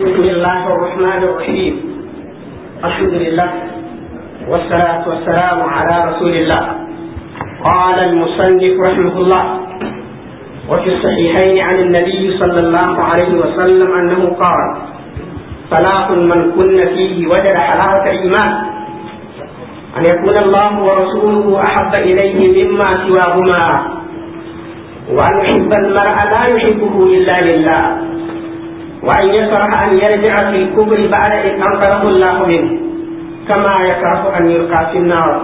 بسم الله الرحمن الرحيم الحمد لله والصلاة والسلام على رسول الله قال المصنف رحمه الله وفي الصحيحين عن النبي صلى الله عليه وسلم أنه قال صلاح من كن فيه وجد حلاوة إيمان أن يكون الله ورسوله أحب إليه مما سواهما وأن يحب المرء لا يحبه إلا لله وأن يكره أن يرجع في الكبر بعد إن أنقذه الله منه كما يكره أن يلقى في النار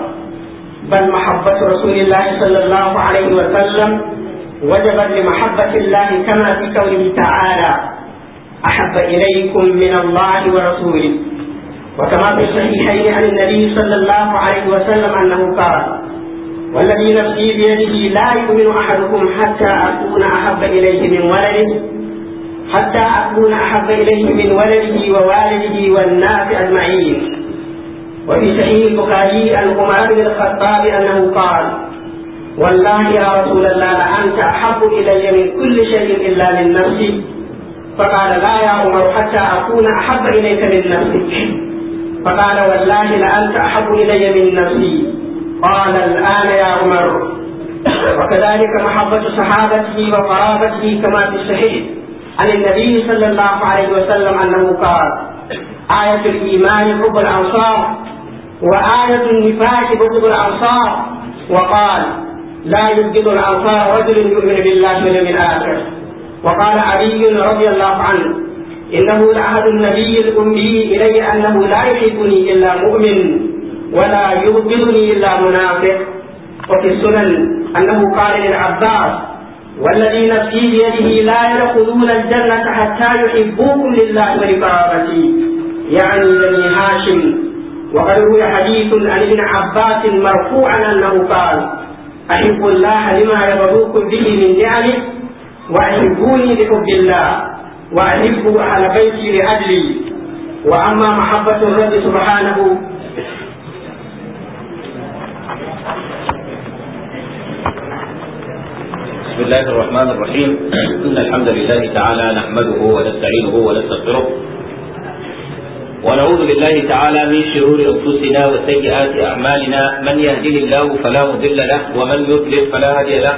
بل محبة رسول الله صلى الله عليه وسلم وجبت لمحبة الله كما في قوله تعالى أحب إليكم من الله ورسوله وكما في الصحيحين عن النبي صلى الله عليه وسلم أنه قال والذي نفسي بيده لا يؤمن أحدكم حتى أكون أحب إليه من ولده حتى أكون أحب إليه من ولده ووالده والناس أجمعين وفي صحيح البخاري عن عمر بن الخطاب أنه قال والله يا رسول الله لأنت أحب إلي من كل شيء إلا من نفسي فقال لا يا عمر حتى أكون أحب إليك من نفسك فقال والله لأنت أحب إلي من نفسي قال الآن يا عمر وكذلك محبة صحابته وقرابته كما في الصحيح عن النبي صلى الله عليه وسلم أنه قال آية الإيمان حب الأنصار وآية النفاق بغض الأنصار وقال لا يبغض الأنصار رجل يؤمن بالله من الآخر وقال علي رضي الله عنه إنه لعهد النبي الأمي إلي أنه لا يحبني إلا مؤمن ولا يبغضني إلا منافق وفي السنن أنه قال للعباس والذي نفسي بيده لا يدخلون الجنة حتى يحبوكم لله ولقرابته يعني بني هاشم وقد روي حديث عن ابن عباس مرفوعا أنه قال أحب الله لما يبغوكم به من نعمه وأحبوني لحب الله واحبوا أهل بيتي لأجلي وأما محبة الرب سبحانه بسم الله الرحمن الرحيم إن الحمد لله تعالى نحمده ونستعينه ونستغفره ونعوذ بالله تعالى من شرور أنفسنا وسيئات أعمالنا من يهده الله فلا مضل له ومن يضلل فلا هادي له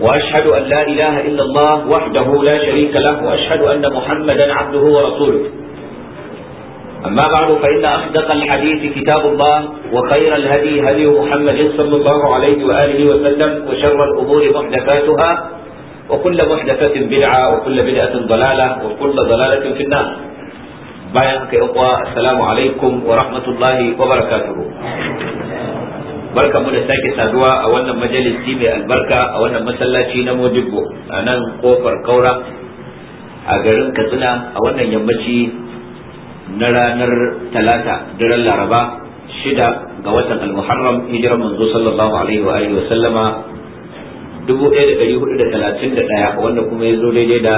وأشهد أن لا إله إلا الله وحده لا شريك له وأشهد أن محمدا عبده ورسوله أما بعد فإن أصدق الحديث كتاب الله وخير الهدي هدي محمد صلى الله عليه وآله وسلم وشر الأمور محدثاتها وكل محدثة بدعة وكل بدعة ضلالة وكل ضلالة في النار بايعك إخوة السلام عليكم ورحمة الله وبركاته barka mu da sake saduwa a wannan majalisi mai albarka a wannan masallaci na Modibbo a nan kofar Kaura a garin Katsina a wannan yammaci na ranar talata daren laraba shida ga watan al-muharram hijiran manzo sallallahu alaihi wa alihi wa sallama 1431 wanda kuma ya zo daidai da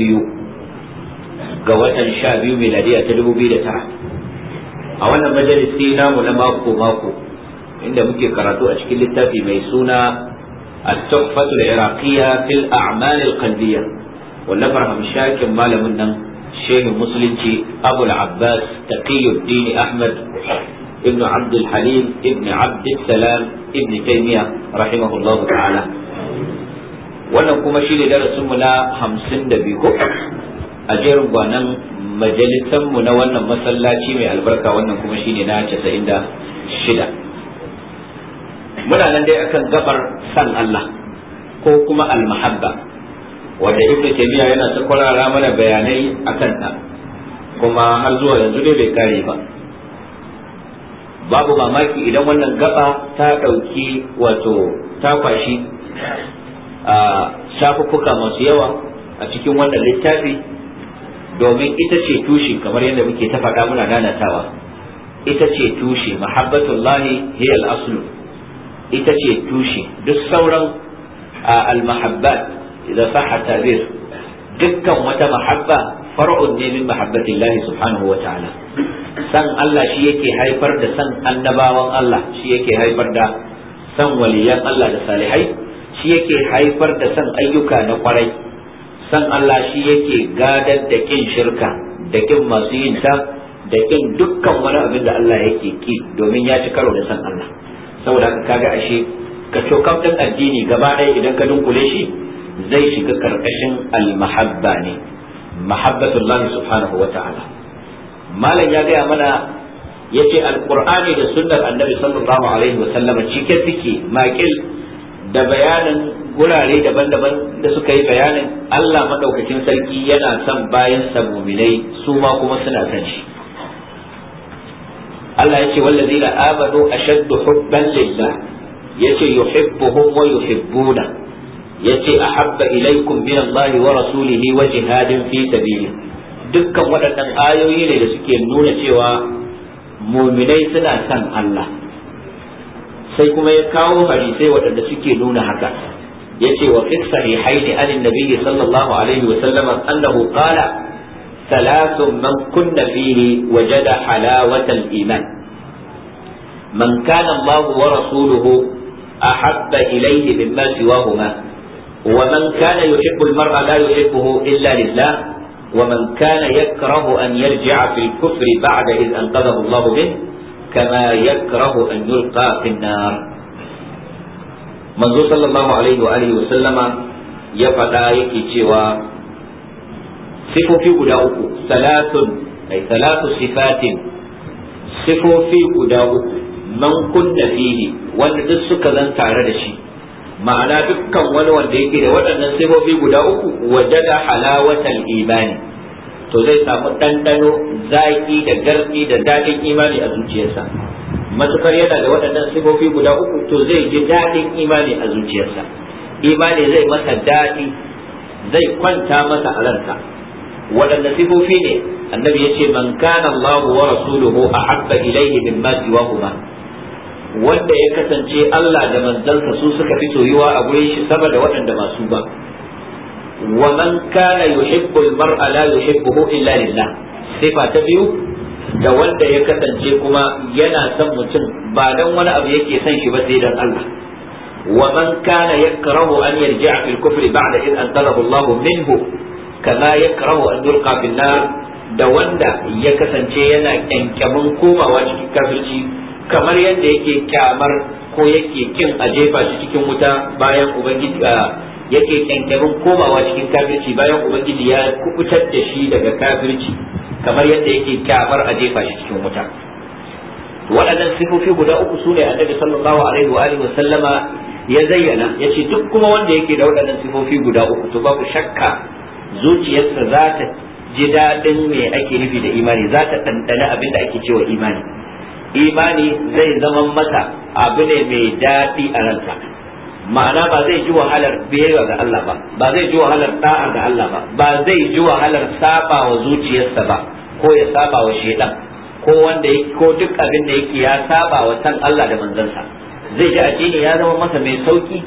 22 ga watan 12 miladiya ta 2009 a wannan majalisi namu na mako mako inda muke karatu a cikin littafi mai suna التحفة العراقية في الأعمال القلبية والنفر shakin malamin nan. shehin musulunci abul abbas taqiyuddin ahmad ibn abd halim ibn abd salam ibn taymiya ta'ala wannan kuma shine darasin mu na 52 ko a jerin gwanan majalisan mu na wannan masallaci mai albarka wannan kuma shine na 96 muna nan dai akan gabar san Allah ko kuma almahabba wanda ibnu taymiya yana ta kwarara mana bayanai a ta kuma har zuwa yanzu dai bai kare ba babu mamaki idan wannan gaba ta ɗauki wato ta kwashi a shafuffuka masu yawa a cikin wannan littafi domin ita ce tushe kamar yadda muke ta faɗa muna nanatawa ita ce tushe mahabbatullahi hiya al-aslu ita ce tushe duk sauran al-mahabbat idan sahha tabir dukkan wata mahabba far'un ne min mahabbatillahi subhanahu wa ta'ala san Allah shi yake haifar da san annabawan Allah shi yake haifar da san waliyan Allah da salihai shi yake haifar da san ayyuka na kwarai san Allah shi yake gadar da kin shirka da kin masu yin ta da kin dukkan wani abin da Allah yake ki domin ya ci karo da san Allah saboda haka kaga ashe ka cokam din addini gaba ɗaya idan ka dunkule shi zai shiga karkashin almahabba ne mahabbatullah subhanahu wa ta'ala malam ya gaya mana yace alqur'ani da sunnar annabi sallallahu alaihi wa sallama cike suke makil da bayanin gurare daban-daban da suka yi bayanin Allah madaukakin sarki yana son bayan muminai su ma kuma suna son shi Allah yace wallazina amanu ashaddu hubban lillah yace yuhibbuhum wa yuhibbuna yace ahabba ilaikum min Allah wa rasulihi wa jihadin fi sabili dukkan waɗannan ayoyi ne da suke nuna cewa muminai suna son Allah sai kuma ya kawo hadisai waɗanda suke nuna haka yace wa fi sahihaini an annabi sallallahu alaihi wa sallam annahu qala ثلاث من كن فيه وجد حلاوة الإيمان من كان الله ورسوله أحب إليه مما سواهما ومن كان يحب المرأة لا يحبه إلا لله ومن كان يكره أن يرجع في الكفر بعد إذ أنقذه الله منه كما يكره أن يلقى في النار منذ صلى الله عليه وآله وسلم يفعل يكي sifofi guda uku salatun ay salatu sifatin sifofi guda uku man kunna fihi wanda duk suka zan tare da shi ma'ana dukkan wani wanda yake da waɗannan sifofi guda uku wajada halawatal imani to zai samu ɗanɗano zaƙi da garɗi da daɗin imani a zuciyarsa matukar yana da waɗannan sifofi guda uku to zai ji daɗin imani a zuciyarsa imani zai masa daɗi zai kwanta masa a ransa waɗanne sifofi ne annabi ya ce man kana Allahu wa rasuluhu ahabba ilayhi mimma siwahuma wanda ya kasance Allah da manzansa su suka fi soyuwa a gurin shi sama da waɗanda masu ba wa man kana yuhibbu al-mar'a la yuhibbuhu illa lillah sifa ta biyu da wanda ya kasance kuma yana son mutum ba dan wani abu yake son shi ba sai dan Allah wa man kana yakrahu an yarji'a fil kufri ba'da in anqadhahu Allah minhu kaza yakrahu an yulqa fil nar da wanda ya kasance yana kyankyamin komawa cikin kafirci kamar yadda yake kyamar ko yake kin a jefa shi cikin wuta bayan ubangiji yake kyankyarin komawa cikin kafirci bayan ubangiji ya kubutar da shi daga kafirci kamar yadda yake kyamar a jefa shi cikin wuta waɗannan sifofi guda uku su ne annabi sallallahu alaihi wa alihi sallama ya zayyana ya ce duk kuma wanda yake da waɗannan sifofi guda uku to babu shakka zuciyarsa za ta ji daɗin me ake nufi da imani za ta ɗanɗana abin da ake cewa imani imani zai zama masa abu ne mai daɗi a ransa ma'ana ba zai ji wahalar biyayya ga Allah ba ba zai ji wahalar da'a ga Allah ba ba zai ji wahalar saba wa zuciyarsa ba ko ya saba wa shedan ko wanda ko duk abin da yake ya saba wa san Allah da manzansa zai ji addini ya zama masa mai sauki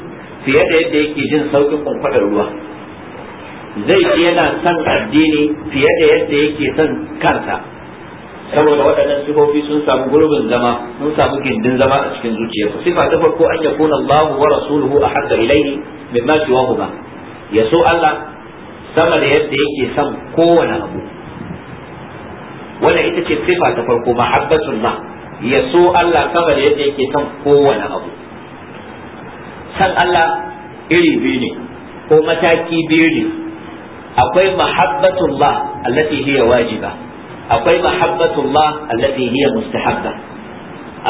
fiye da yadda yake jin saukin kwankwadar ruwa zai ji yana son addini fiye da yadda yake son kansa saboda waɗannan sifofi sun samu gurbin zama sun samu gindin zama a cikin zuciyarsa sifa ta farko an yakuna Allahu wa rasuluhu ahadda ilayhi mimma siwahuma ya so Allah sama da yadda yake son kowane abu wannan ita ce sifa ta farko mahabbatullah ya so Allah sama da yadda yake son kowane abu san Allah iri biyu ne ko mataki biyu ne akwai mahabbatullah allati hiya wajiba akwai mahabbatullah allati hiya mustahabba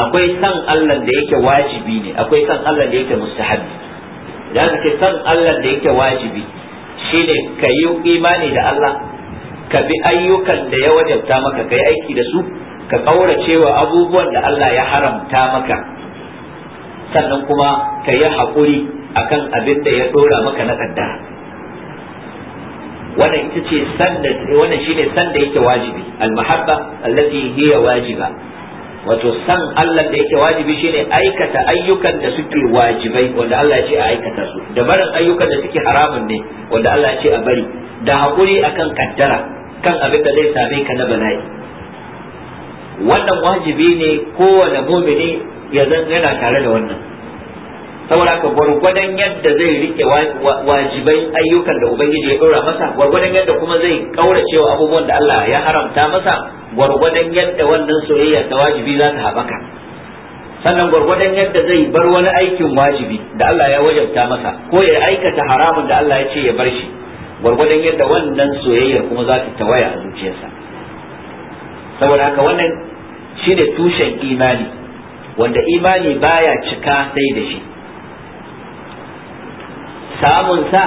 akwai san Allah da yake wajibi ne akwai san Allah da yake mustahabbi da kake san Allah da yake wajibi shine ka yi imani da Allah ka bi ayyukan da ya wajabta maka kai aiki da su ka kaura cewa abubuwan da Allah ya haramta maka sannan kuma ka yi haƙuri akan abin da ya dora maka na kaddara wannan ita ce sanda wannan shine sanda yake wajibi almahabba allati hiya wajiba wato san Allah da yake wajibi shine aikata ayyukan da suke wajibai wanda Allah ya ce a aikata su da barin ayyukan da suke haramun ne wanda Allah ya ce a bari da hakuri akan kaddara kan abin da zai same ka na bala'i wannan wajibi ne kowane mumini ya zan yana tare da wannan saboda ka gwargwadon yadda zai rike wajibai ayyukan da ubangiji ya dora masa gwargwadon yadda kuma zai kauracewa abubuwan da Allah ya haramta masa gwargwadon yadda wannan soyayya ta wajibi za ta haɓaka sannan gwargwadon yadda zai bar wani aikin wajibi da Allah ya wajabta masa ko ya aikata haramun da Allah ya ce ya bar shi gwargwadon yadda wannan soyayyar kuma za ta tawaya a zuciyarsa saboda haka wannan da tushen imani wanda imani baya cika sai da shi Samun sa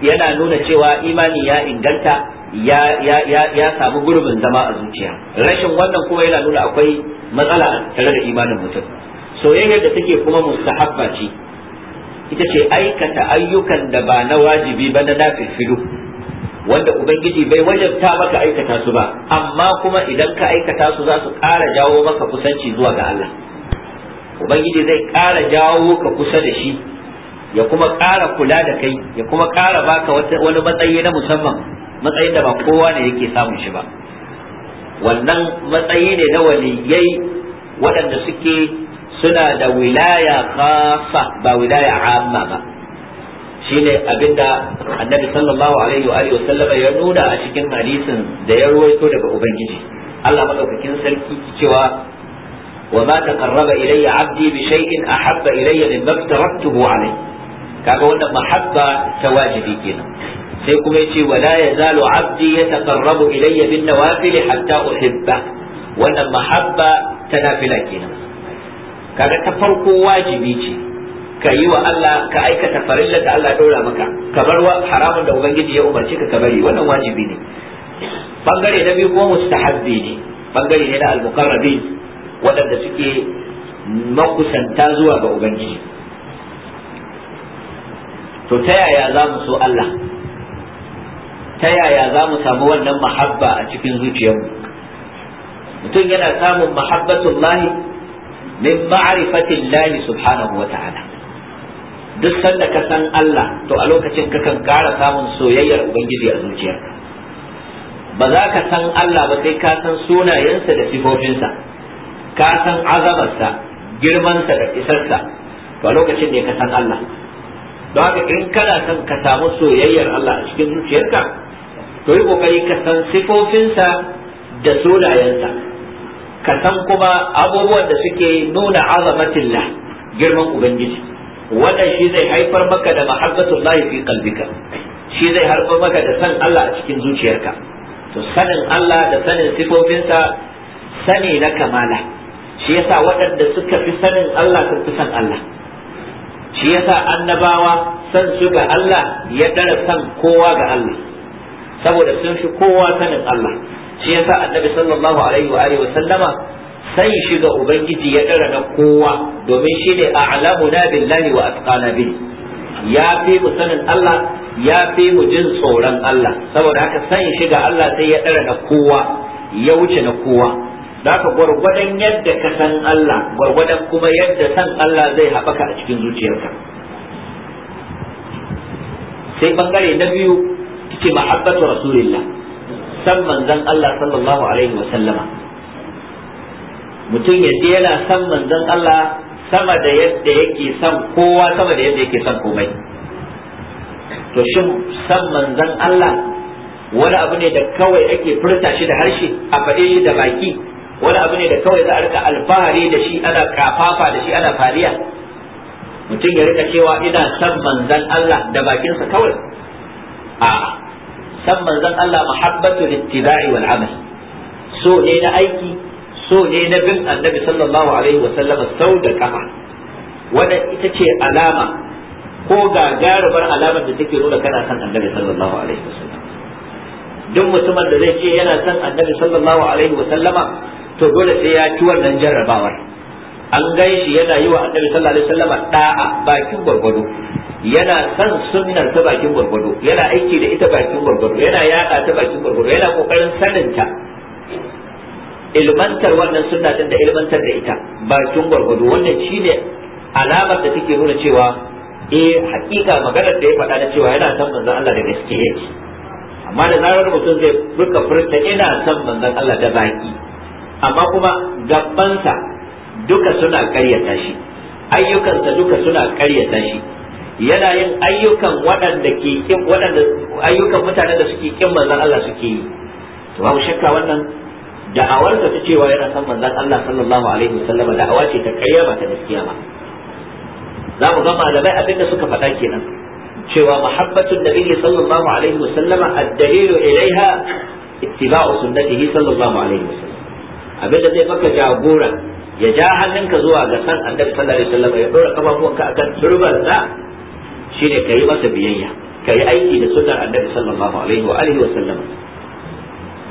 yana nuna cewa imani ya inganta ya samu gurbin zama a zuciya rashin wannan kuma yana nuna akwai matsala tare da imanin mutum soyayyar da take kuma mustahabba ce ita ce aikata ayyukan da ba na wajibi ba na nafifilu wanda ubangiji bai wajabta maka aikata su ba amma kuma idan ka aikata su za su ƙara jawo maka kusanci zuwa ga Allah ubangiji zai ƙara jawo ka kusa da shi ya kuma ƙara kula da kai ya kuma ƙara baka wani matsayi na musamman matsayin da ba kowa ne yake samun shi ba wannan matsayi ne na waliyai waɗanda suke suna da wilaya khasa ba wilaya amma ba shine abinda annabi sallallahu alaihi wa alihi sallama ya nuna a cikin hadisin da ya ruwaito daga ubangiji Allah madaukakin sarki cewa wa ma taqarraba ilayya abdi bi shay'in ahabba ilayya mimma kaga wannan mahabba ta wajibi kenan sai kuma yace wala yazalu abdi yataqarrabu ilayya bin nawafil hatta uhibba wannan mahabba ta nafila kenan kaga ta farko wajibi ce ka yi wa Allah ka aikata farilla da Allah dora maka ka wa haramun da ubangiji ya umarci ka ka bari wannan wajibi ne bangare na biyu kuma mustahabbi ne bangare ne na al-muqarrabin waɗanda suke makusanta zuwa ga ubangiji to ta yaya za mu so Allah ta yaya za mu samu wannan mahabba a cikin zuciyarmu mutum yana samun muhabbatullahi min ma'rifatillahi subhanahu wa ta'ala duk sanda ka san Allah to a lokacin ka kan ƙara samun soyayyar ubangiji a zuciyarka ba za ka san Allah ba sai ka san sunayensa da sifofinsa ka san azabarsa girmansa da isarsa to a lokacin ne ka san Allah don haka in kana son ka samu soyayyar Allah a cikin zuciyarka to yi kokari ka san sifofinsa da sunayensa ka san kuma abubuwan da suke nuna azamatillah girman ubangiji wannan shi zai haifar maka da mahabbatullahi fi qalbika shi zai haifar maka da san Allah a cikin zuciyarka to sanin Allah da sanin sifofinsa sani na kamala shi yasa waɗanda suka fi sanin Allah sun fi san Allah shi yasa annabawa san su ga Allah ya dara san kowa ga Allah saboda sun fi kowa sanin Allah shi yasa annabi sallallahu alaihi wa alihi wa sallama sai shiga ubangiji ya dara na kowa domin shi ne alamu na billahi wa atqana bi ya fi mu sanin Allah ya fi mu jin tsoron Allah saboda haka san ga Allah sai ya dara na kowa ya wuce na kowa zaka gwargwadon yadda ka san Allah gwargwadon kuma yadda san Allah zai haɓaka a cikin zuciyarka sai bangare na biyu take mahabbatu rasulillah san manzon Allah sallallahu alaihi wa sallama mutum yadda yana san manzon Allah sama da yadda yake san kowa sama da yadda yake san komai to shi san manzon Allah wani abu ne da kawai ake furta shi da harshe a faɗe shi da baki wani abu ne da kawai za a rika alfahari da shi ana kafafa da shi ana fariya mutum ya rika cewa ina san manzan Allah da bakinsa kawai a san manzan Allah mahabbatu littiba'i wal amal so ne na aiki so ne na bin annabi sallallahu alaihi wa sallam sau da kafa wanda ita ce alama ko gagarumar alamar da take nuna kana san annabi sallallahu alaihi wa sallam duk mutumin da zai ce yana san annabi sallallahu alaihi wa sallama to dole sai ya ci wannan jarrabawar an gan shi yana yi wa annabi sallallahu alaihi wasallam da'a bakin gwargwado yana san sunnar ta bakin gwargwado yana aiki da ita bakin gwargwado yana yada ta bakin gwargwado yana kokarin saninta ilmantar wannan sunna din da ilmantar da ita bakin gwargwado wannan shine alamar da take nuna cewa eh hakika maganar da ya faɗa da cewa yana san manzon Allah da gaske amma da zarar mutum zai rika furta ina san manzon Allah da baki amma kuma gabansa duka suna ƙaryata shi ayyukansa duka suna ƙaryata shi yana yin ayyukan waɗanda ke waɗanda ayyukan mutanen da suke kin manzon Allah suke yi to babu shakka wannan da'awarsa ta cewa yana san manzon Allah sallallahu alaihi wasallam da'awa ce ta ƙarya ba ta gaskiya ba za mu ga malamai abin da suka faɗa kenan cewa muhabbatun nabiyyi sallallahu alaihi wasallam ad-dalilu ilaiha ittiba'u sunnatihi sallallahu alaihi wasallam Abin da zai baka jagora ya ja hannunka zuwa ga san annabi sallallahu alaihi wasallam ya dora kafafuwanka akan turban sa shine kai masa biyayya kai aiki da sunnar annabi sallallahu alaihi wa alihi wasallam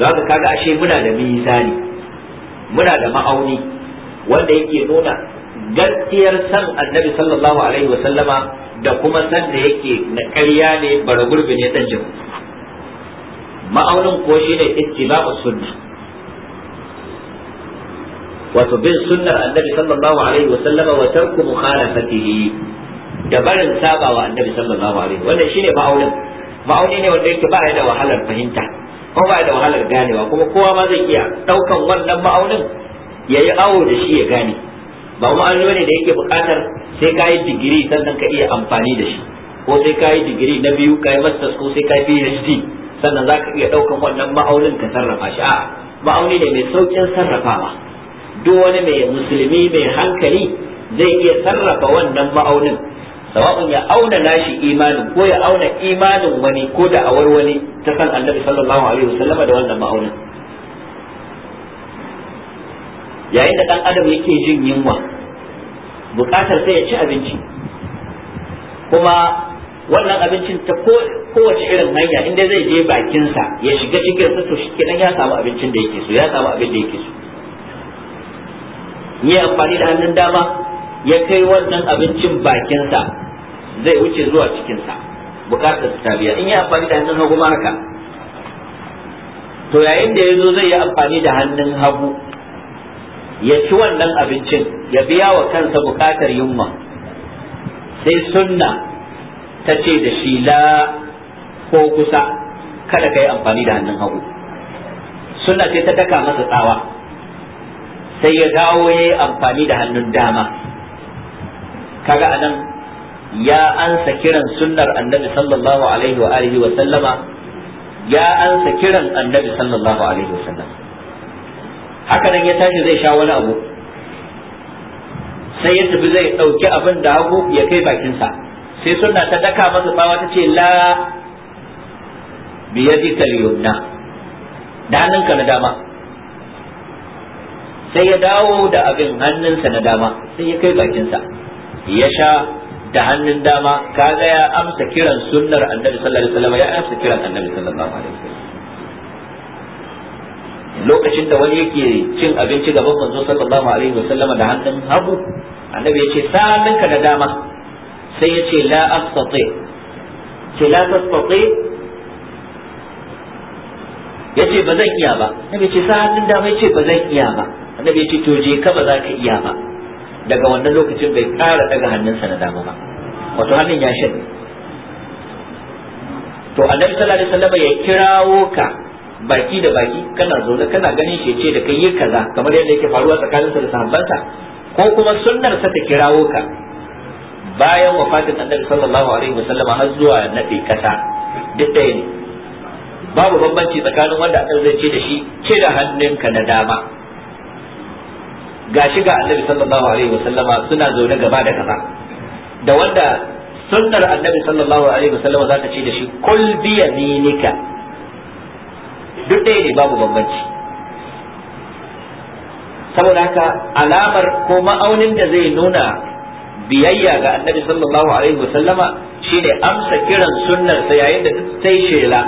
zaka kaga ashe muna da mizani muna da ma'auni wanda yake nuna gaskiyar san annabi sallallahu alaihi wasallama da kuma san da yake na ƙarya ne bara gurbi ne dan jin ma'aunin ko shine ittiba'us sunnah wato bin sunnar annabi sallallahu alaihi wa sallama wa tarku mukhalafatihi da barin sabawa annabi sallallahu alaihi wannan shine ma'aunin ma'auni ne wanda yake ba ya da wahalar fahimta ko ba ya da wahalar ganewa kuma kowa ma zai iya daukan wannan ma'aunin yayi awo da shi ya gane ba an ne da yake buƙatar sai ka yi digiri sannan ka iya amfani da shi ko sai ka yi digiri na biyu ka yi masters ko sai ka yi PhD sannan za ka iya ɗaukan wannan ma'aunin ka sarrafa shi a'a ma'auni ne mai saukin sarrafawa duk wani mai musulmi mai hankali zai iya sarrafa wannan ma'aunin sawa'un ya auna nashi imanin ko ya auna imanin wani ko da awar wani ta san annabi sallallahu alaihi wasallam da wannan ma'aunin yayin da dan adam yake jin yunwa bukatar sai ya ci abinci kuma wannan abincin ta kowace irin hanya inda zai je bakinsa ya shiga cikin sa to shi ya samu abincin da yake so ya samu abin da yake so ya amfani da hannun dama ya kai wannan abincin bakinsa zai wuce zuwa cikinsa bukatar ta biya in ya amfani da hannun hagu ma haka to yayin da ya zo zai yi amfani da hannun hagu ya ci wannan abincin ya biya wa kansa bukatar yunwa sai sunna ta ce da shi la ko kusa kada ka yi amfani da hannun hagu sunna ce ta daka masa tsawa sai ya dawo ya amfani da hannun dama kaga anan ya ansa kiran sunnar annabi sallallahu alaihi wa alihi wa sallama ya ansa kiran annabi sallallahu alaihi wa sallam haka nan ya tashi zai sha wani abu sai ya tafi zai ɗauki abin da hagu ya kai bakinsa sai sunna ta daka masa bawa ta ce la biyadika al da hannunka na dama sai ya dawo da abin hannunsa na dama sai ya kai bakinsa ya sha da hannun dama kaga ya amsa kiran sunnar annabi sallallahu alaihi wasallam ya amsa kiran annabi sallallahu alaihi wasallam lokacin da wani yake cin abinci gaban manzo sallallahu alaihi wasallam da hannun hagu annabi ya ce sa'anninka da dama sai ya ce la astati ce la tastati ya ce ba zan iya ba annabi ya ce sa hannun dama ya ce ba zan iya ba annabi ya ce to je ka ba za ka iya ba daga wannan lokacin bai ƙara daga hannunsa na dama ba wato hannun ya shaɗe to annabi sallallahu alaihi wasallam ya kirawo ka baki da baki kana zaune kana ganin shi ce da kai yi kaza kamar yadda yake faruwa tsakaninsa da sahabbansa ko kuma sunnar sa ta kirawo ka bayan wafatin annabi sallallahu alaihi wasallam har zuwa naɗe kasa duk ɗaya ne babu bambanci tsakanin wanda annabi zai ce da shi ce da hannunka na dama gashi ga annabi sallallahu alaihi wasallama suna zaune gaba da gaba da wanda sunnar annabi sallallahu alaihi wasallama za ta ce da shi kul bi yaminika duk ɗaya ne babu bambanci saboda haka alamar ko ma'aunin da zai nuna biyayya ga annabi sallallahu alaihi wasallama shine amsa kiran sunnar sa yayin da sai shela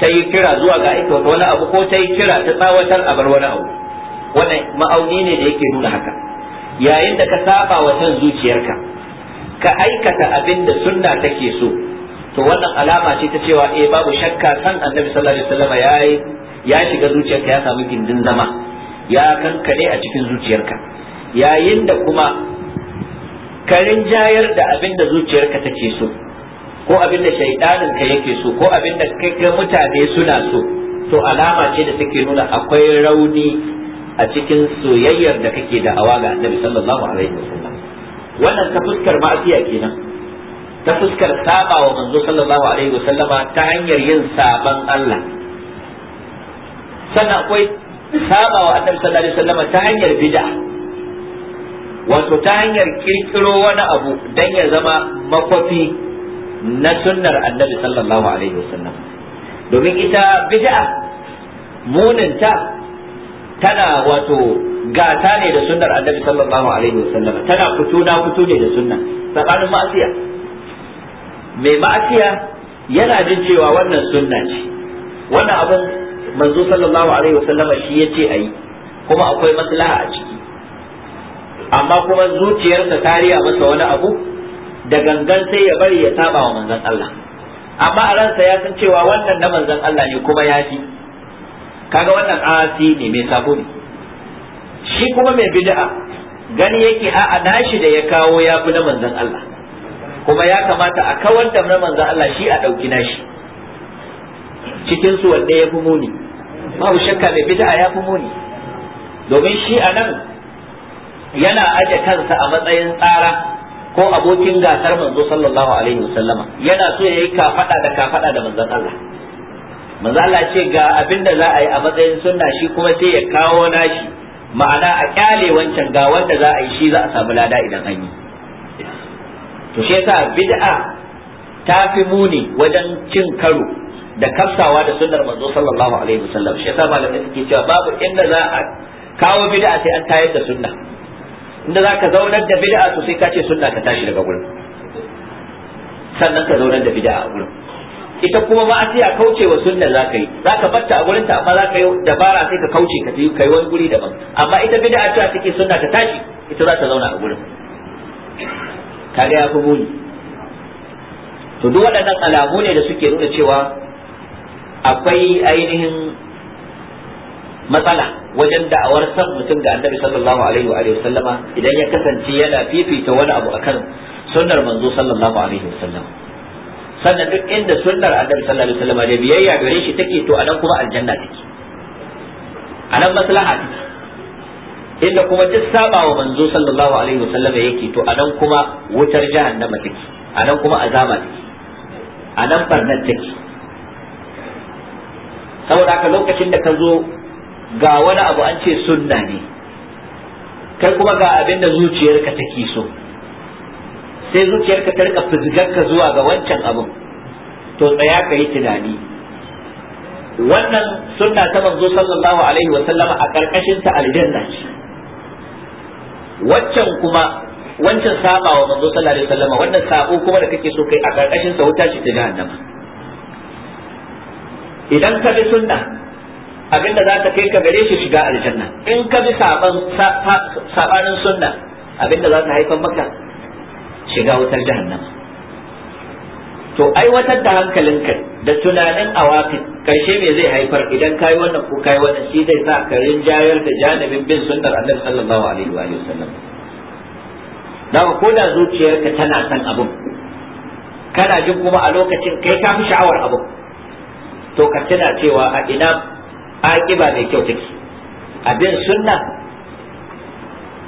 ta yi kira zuwa ga aika wani abu ko ta yi kira ta tsawatar a bar wani abu wannan ma'auni ne da yake nuna haka yayin da ka saba wa san zuciyarka ka aikata abin da sunna take so to wannan alama ce ta cewa eh babu shakka san annabi sallallahu alaihi wasallam yayi ya shiga zuciyarka ya samu gindin zama ya kankare a cikin zuciyarka yayin da kuma karin jayar da abin da zuciyarka take so ko abin da shaidanin ka yake so ko abin da kai mutane suna so to alama ce da take nuna akwai rauni a cikin soyayyar da kake da hawa ga annabi sallallahu alaihi wasallam wannan ta fuskar ma'asiya kenan ta fuskar saba wa manzo sallallahu alaihi wasallama ta hanyar yin saban Allah sannan akwai saba wa annabi sallallahu alaihi wasallama ta hanyar bid'a wato ta hanyar kirkiro wani abu dan ya zama makwafi na sunnar annabi sallallahu alaihi wasallam domin ita bid'a muninta tana wato gata ne da sunnar annabi sallallahu alaihi wasallam tana fito na fito ne da sunna tsakanin ma'asiya mai ma'asiya yana jin cewa wannan sunna ce wannan abin manzo sallallahu alaihi wasallam shi yace ayi kuma akwai maslaha a ciki amma kuma zuciyarsa ta riya masa wani abu da gangan sai ya bari ya saba wa manzon Allah amma a ransa ya san cewa wannan na manzon Allah ne kuma ya fi kaga wannan asi ne mai sako ne shi kuma mai bid'a gani yake a'a nashi da ya kawo ya fi na manzon Allah kuma ya kamata a kawar da na manzon Allah shi a ɗauki nashi cikin su wanda ya fi muni babu shakka mai bid'a ya fi muni domin shi a nan yana aje kansa a matsayin tsara ko abokin gasar manzo sallallahu alaihi wasallama yana so yayi kafada da kafada da manzon Allah Manzala Allah ce ga abin da za a yi a matsayin sunna shi kuma sai ya kawo nashi ma'ana a kyale wancan ga wanda za a yi shi za a samu lada idan an yi to shi yasa bid'a ta fi muni wajen cin karo da kafsawa da sunnar manzo sallallahu alaihi wasallam shi yasa malamai suke cewa babu inda za a kawo bid'a sai an tayar da sunna inda za ka zaunar da bid'a to sai ka ce sunna ka tashi daga gurin sannan ka zaunar da bid'a a gurin ita kuma a sai a kauce wa sunna ka yi ka batta a gurin ta amma ka yi dabara sai ka kauce ka yi kai wani guri daban amma ita bid'a ta take sunna ta tashi ita za ta zauna a gurin ga ya fi muni to duk waɗannan alamu ne da suke nuna cewa akwai ainihin matsala wajen da'awar san mutum ga annabi sallallahu alaihi wa sallama idan ya kasance yana fifita wani abu akan sunnar manzo sallallahu alaihi wa sallama sannan duk inda sunnar annabi sallallahu alaihi wasallam da biyayya gare shi take to anan kuma aljanna take anan maslaha take inda kuma duk sabawa manzo sallallahu alaihi wasallam yake to anan kuma wutar jahannama take anan kuma azaba take anan barnar take saboda haka lokacin da ka zo ga wani abu an ce sunna ne kai kuma ga abin da zuciyarka take so sai zuciyarka ta rika fizgarka zuwa ga wancan abin to tsaya ka yi tunani wannan sunna ta manzo sallallahu alaihi wa sallama a karkashin ta aljanna ce waccan kuma wancan saba wa manzo sallallahu alaihi wa sallama wannan sabo kuma da kake so kai a karkashin sa wuta ce ta jahannama idan ka bi sunna abinda za ka kai ka gare shi shiga aljanna in ka bi sabanin sunna abinda za ta haifar maka shiga wutar jahannama to aiwatar da hankalinka da tunanin awakin karshe me zai haifar idan kai wannan ko kai wannan shi zai sa ka rinjayar da janibin bin sunnar annabi sallallahu alaihi wa sallam da ko da zuciyarka tana san abin kana jin kuma a lokacin kai ka fi sha'awar abin to ka tuna cewa a ina aƙiba mai kyau take bin sunna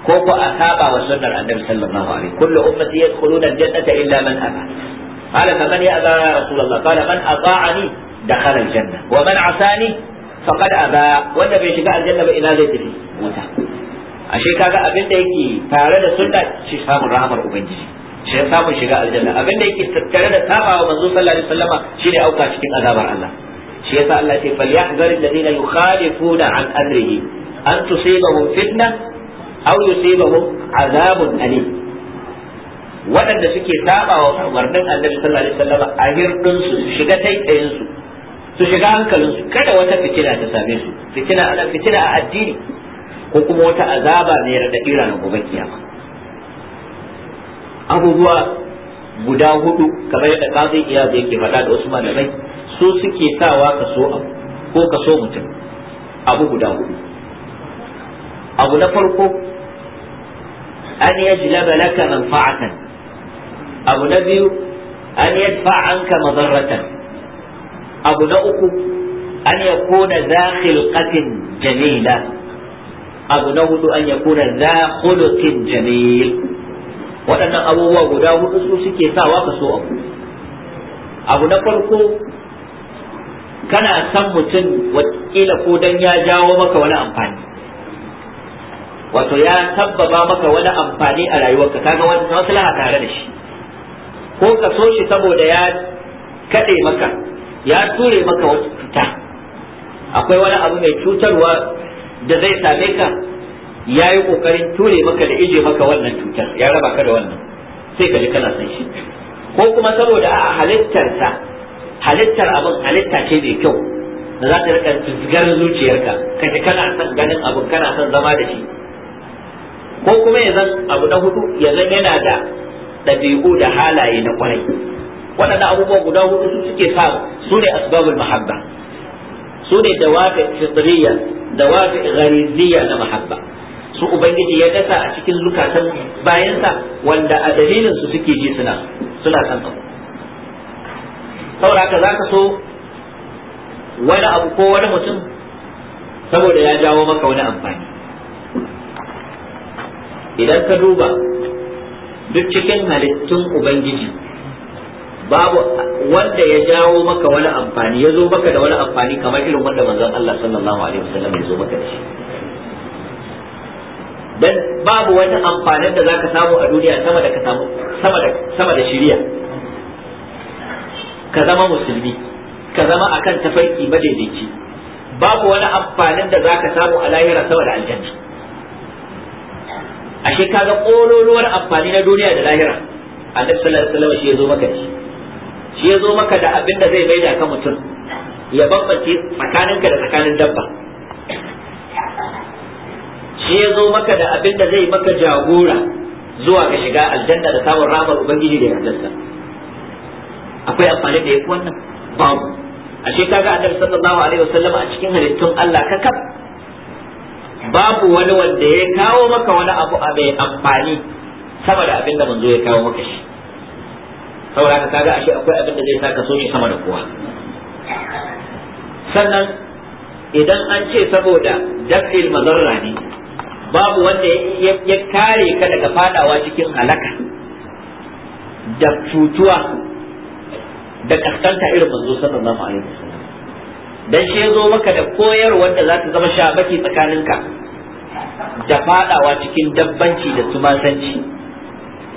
ko ko a saba wa sunnar annabi sallallahu alaihi kullu ummati yadkhuluna aljannata illa man aba qala faman ya'ba ya rasulullah qala man ata'ani dakhala janna. wa man asani faqad aba wanda bai shiga aljanna ba ina zai tafi wuta ashe kaga abin da yake tare da sunna shi samun rahmar ubangiji shi samun shiga aljanna abin da yake tattare da saba wa manzo sallallahu alaihi wasallama shine auka cikin azabar Allah shi yasa Allah ya ce falyahzar alladhina yukhalifuna an amrihi an tusibahum fitna aw yusibahum azabun alim waɗanda suke saba wa umarnin annabi sallallahu alaihi wasallam a hirdin su shiga taitayin su su shiga hankalin su kada wata fitina ta same su fitina ana fitina a addini ko kuma wata azaba da radadi na gobe kiyama abubuwa guda hudu kamar yadda kazin iyazu yake faɗa da wasu malamai su suke sawa ka so abu ko ka so mutum abu guda hudu abu na farko an yajlaba laka manfa'atan abu na biyu an yadfa anka madarratan abu na uku an yakuna za khilqatin jamila abu na hudu an yakuna za khuluqin jamil waɗannan abubuwa guda hudu su suke sawa ka so abu abu na farko kana san mutum watakila ko dan ya jawo maka wani amfani wato ya sabbaba maka wani amfani a rayuwarka kaga wani maslaha tare da shi ko ka so shi saboda ya kade maka ya ture maka wata cuta akwai wani abu mai cutarwa da zai same ka ya yi kokarin ture maka da ije maka wannan cutar ya raba ka da wannan sai ka ji kana san shi ko kuma saboda a halittarsa halittar abin halitta ce mai kyau da za ta rika zuciyarka ka ji kana son ganin abin kana son zama da shi ko kuma ya zan abu na hudu ya zan yana da ɗabi'u da halaye na kwarai waɗannan abubuwa guda hudu su suke sa su ne asbabul mahabba su ne da dawafi fitriya wafe gariziya na mahabba su ubangiji ya dasa a cikin lukatan bayansa wanda a dalilin su suke ji suna suna san abu saboda za ka so wani abu ko wani mutum saboda ya jawo maka wani amfani idan ka duba duk cikin halittun ubangiji babu wanda ya jawo maka wani amfani ya zo maka da wani amfani kamar irin wanda manzon Allah sallallahu alaihi wasallam ya zo maka da shi dan babu wani amfanin da zaka samu a duniya sama da ka samu sama da sama da shiriya ka zama musulmi ka zama akan tafarki madaidaici babu wani amfanin da zaka samu a lahira sama da aljanna ashe kaga kololuwar amfani na duniya da lahira annabi sallallahu alaihi wasallam shi ya zo maka da shi shi yazo maka da abin da zai maida ka mutum ya bambance tsakaninka da tsakanin dabba shi ya zo maka da abin da zai maka jagora zuwa ga shiga aljanna da samun ramar ubangiji da yardarsa akwai amfani da yake wannan babu ashe kaga annabi sallallahu alaihi wasallam a cikin halittun Allah kafa babu wani wanda ya kawo maka wani abu a mai amfani sama da abin da manzo ya kawo maka shi saboda haka kaga ashe akwai abin da zai sa ka so shi sama da kowa sannan idan an ce saboda dafil mazarra ne babu wanda ya kare ka daga fadawa cikin halaka da cutuwa da kaskanta irin manzo sallallahu alaihi wasallam dan shi zo maka da koyarwar da za ta zama shabaki tsakaninka da fadawa cikin dabbanci da tumasanci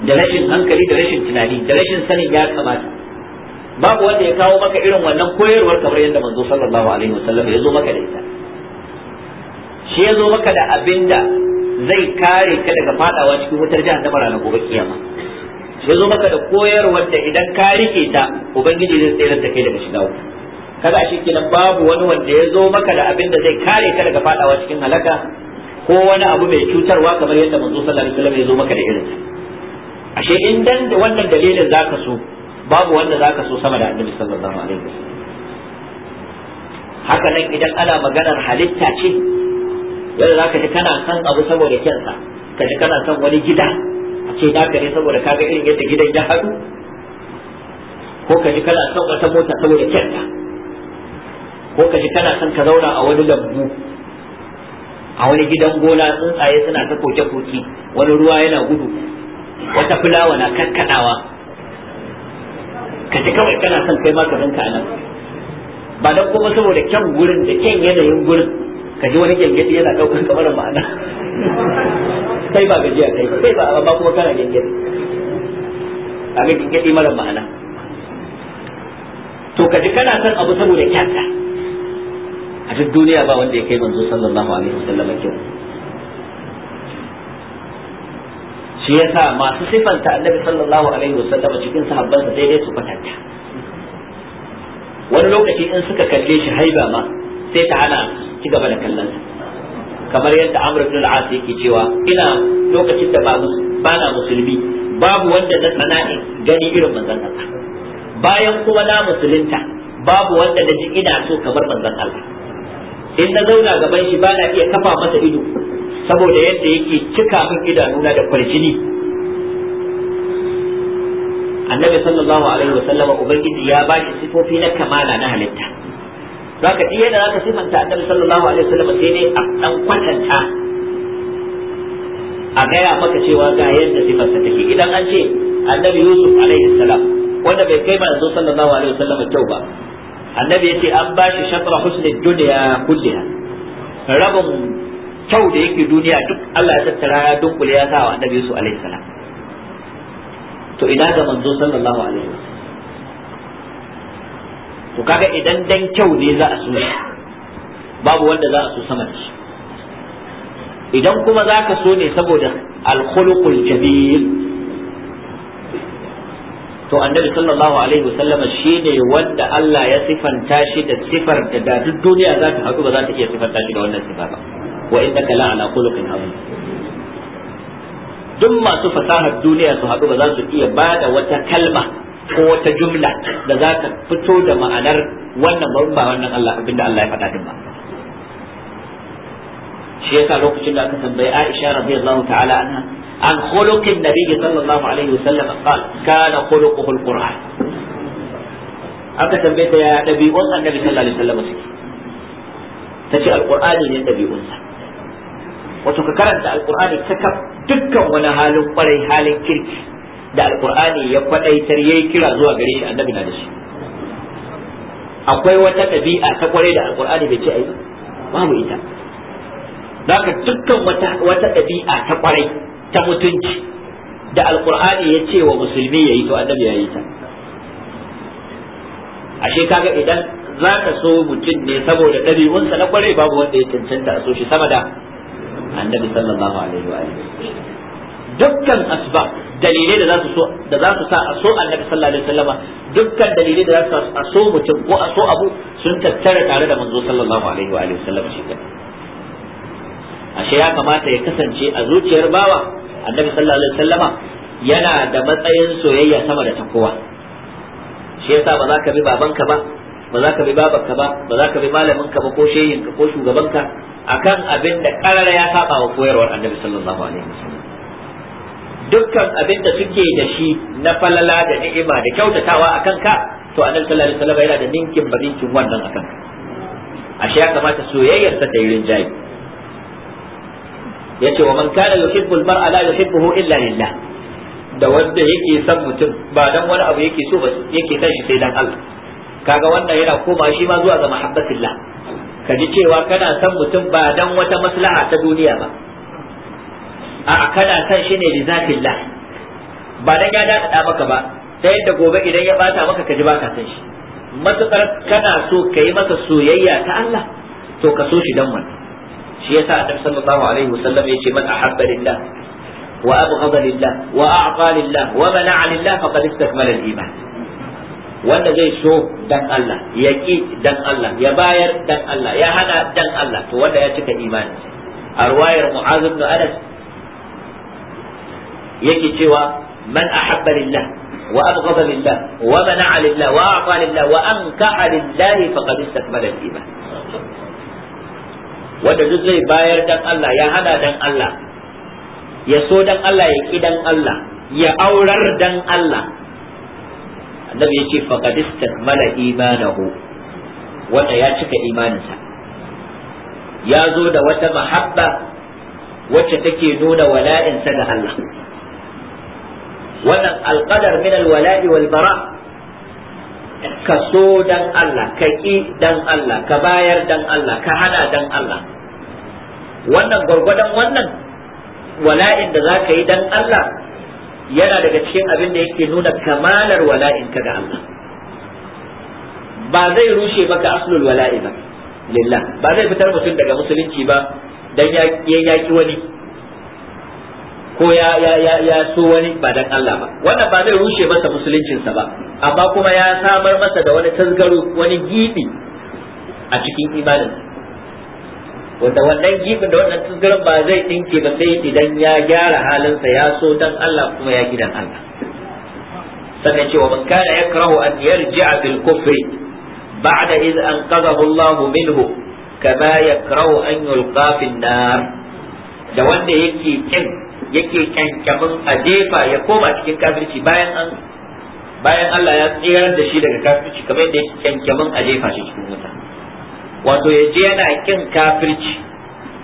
da rashin hankali da rashin tunani da rashin sanin ya kamata babu wanda ya kawo maka irin wannan koyarwar kamar yadda manzo sallallahu alaihi wasallam ya zo maka da ita shi ya zo maka da abinda zai kare ka daga fadawa cikin wutar jahannama ranar gobe kiyama ya zo maka da koyarwar da idan ka rike ta ubangiji zai tsere da kai daga shiga wuta kaga shi kenan babu wani wanda ya zo maka da abin da zai kare ka daga fadawa cikin halaka ko wani abu mai cutarwa kamar yadda manzo sallallahu alaihi wasallam ya zo maka da irin ashe in dan da wannan dalilin zaka so babu wanda zaka so sama da annabi sallallahu alaihi wasallam haka nan idan ana maganar halitta ce yadda zaka ji kana san abu saboda kansa ka ji kana san wani gida a ce ka ne saboda kaga irin yadda gidan ya haɗu ko ka ji kana son wata mota saboda kyanta ko ka ji kana son ka zauna a wani lambu a wani gidan gona tsuntsaye suna ta koke koki wani ruwa yana gudu wata fulawa na kakkadawa ka ji kawai kana son kai ma ka ranka a nan ba dan kuma saboda kyan gurin da kyan yanayin gurin ka ji wani gengedi yana daukar kamar ma'ana sai ba gajiya kai sai ba ba kuma kana gengedi a ga gengedi mara ma'ana to ka ji kana son abu saboda kyansa a duk duniya ba wanda ya kai manzo sallallahu alaihi wasallam kyau shi yasa masu sifanta annabi sallallahu alaihi wasallam cikin sahabban sa daidai su fatanta. wani lokaci in suka kalle shi haiba ma sai ta ana ci gaba da kallon kamar yadda Amr ibn al-As yake cewa ina lokacin da ba na musulmi babu wanda na sana'i gani irin manzon Allah bayan kuma na musulunta babu wanda da ji ina so kamar manzon Allah in na zauna gaban shi ba na iya kafa masa ido saboda yadda yake cika min idanuna da kwarjini annabi sallallahu alaihi wa sallama ubangiji ya ba shi sifofi na kamala na halitta zaka ji yadda zaka simanta annabi sallallahu alaihi wa sallama sai ne a dan kwatanta a gaya maka cewa ga yadda sifarsa take idan an ce annabi yusuf alaihi salam wanda bai kai manzo sallallahu alaihi wa sallama kyau ba annabi yace an ba shi shatra husnid dunya kullaha rabun kyau da yake duniya duk Allah ya tattara ya dunkule ya sa wa annabi su alaihi salam to ina ga manzo sallallahu alaihi to kaga idan dan kyau ne za a so babu wanda za a so sama shi idan kuma za ka so ne saboda al-khuluqul jamil to annabi sallallahu alaihi wasallam shine wanda Allah ya sifanta shi da sifar da da duk duniya za ta haɗu ba za ta iya sifanta shi da wannan sifa ba wa innaka la ala khuluqin azim duk masu fasahar duniya su haɗu ba za su iya bada wata kalma ko wata jumla da za ta fito da ma'anar wannan ba wannan Allah abinda Allah ya faɗa din ba shi yasa lokacin da aka tambayi Aisha radiyallahu ta'ala anha عن خلق النبي صلى الله عليه وسلم قال كان خلقه القرآن aka tambaye ta yaya ɗabi'un annabi sallallahu alaihi wasallam suke ta ce alƙur'ani ne ɗabi'unsa wato ka karanta alƙur'ani ta kaf dukkan wani halin ƙwarai halin kirki da alƙur'ani ya kwaɗaitar yayi kira zuwa gare shi annabi na da shi akwai wata ɗabi'a ta ƙwarai da alƙur'ani bai ce ai babu ita da dukkan wata ɗabi'a ta ƙwarai ta mutunci da alkur'ani ya ce wa musulmi ya yi to annabi ya yi ta ashe kaga idan za ka so mutum ne saboda ɗabi'unsa na kwarai babu wanda ya cancanta a so shi sama da annabi sallallahu alaihi wa dukkan asba dalilai da za su so da za su sa a so annabi sallallahu alaihi wasallama dukkan dalilai da za su a so mutum ko a so abu sun tattara tare da manzo sallallahu alaihi wa alihi wasallam shi ashe ya kamata ya kasance a zuciyar bawa annabi sallallahu alaihi wasallama yana da matsayin soyayya sama da ta kowa shi yasa ba za ka bi babanka ba ba za ka bi babanka ba ba za ka bi malaminka ba ko shehinka ko shugabanka akan abin da karara ya saba wa koyarwar annabi sallallahu alaihi wasallam dukkan abin da suke da shi na falala da ni'ima da kyautatawa akan ka to annabi sallallahu alaihi wasallam yana da ninkin ba ninkin wannan akan ka ashe ya kamata soyayyar ta ta yi rinjaye Ya ce wa man kana yuhibbul mar'a la yuhibbuhu illa lillah da wanda yake son mutum ba dan wani abu yake so ba yake son shi sai dan Allah kaga wannan yana koma shi ma zuwa ga mahabbatillah ka ji cewa kana son mutum ba dan wata maslaha ta duniya ba a'a kana son shi ne lizatillah ba dan ya dada maka ba ta yadda gobe idan ya bata maka ka ji ka san shi matukar kana so ka yi masa soyayya ta Allah to ka so shi dan wannan shi yasa annabi sallallahu alaihi wasallam yace man ahabba lillah wa abghada lillah wa lillah wa mana'a lillah faqad istakmala al-iman wanda zai so dan Allah ya ki dan Allah ya bayar dan Allah ya hana dan Allah to wanda ya cika imani a ruwayar Mu'az ibn Anas yake cewa man ahabba lillah wa abghada lillah wa mana'a lillah wa a'ta lillah wa anka'a lillah faqad istakmala al-iman wanda duk zai bayar dan Allah ya hada dan Allah ya so dan Allah ya ki dan Allah ya aurar dan Allah annabi yace faqad istakmala imanahu wanda ya cika imaninsa ya zo da wata mahabba wacce take nuna wala'insa ga Allah wannan alqadar min alwala'i walbara ka so dan Allah ka ƙi dan Allah ka bayar dan Allah ka hana dan Allah wannan gwargwadon wannan wala'in da za ka yi dan Allah yana daga cikin abin da yake nuna kamalar wala'in ka ga Allah ba zai rushe maka aslul wala'i ba lillah ba zai fitar mutum daga musulunci ba dan ya yaki wani ko ya ya ya ya so wani ba dan Allah ba wannan ba zai rushe masa musuluncinsa ba amma kuma ya samar masa da wani tazgaro wani gibi a cikin imanin wanda wannan gibin da wannan tasgaron ba zai dinke ba sai idan ya gyara halinsa ya so dan Allah kuma ya gidan Allah sannan cewa wa kana yakrahu an yarji'a bil kufri ba'da iz anqadahu Allah minhu kama yakrahu an yulqa fil nar da wanda yake kin yake kyankyamin a jefa ya koma cikin kafirci bayan an bayan Allah ya tsirar da shi daga kafirci kamar yadda yake kyankyamin a jefa shi cikin wuta wato ya je yana kin kafirci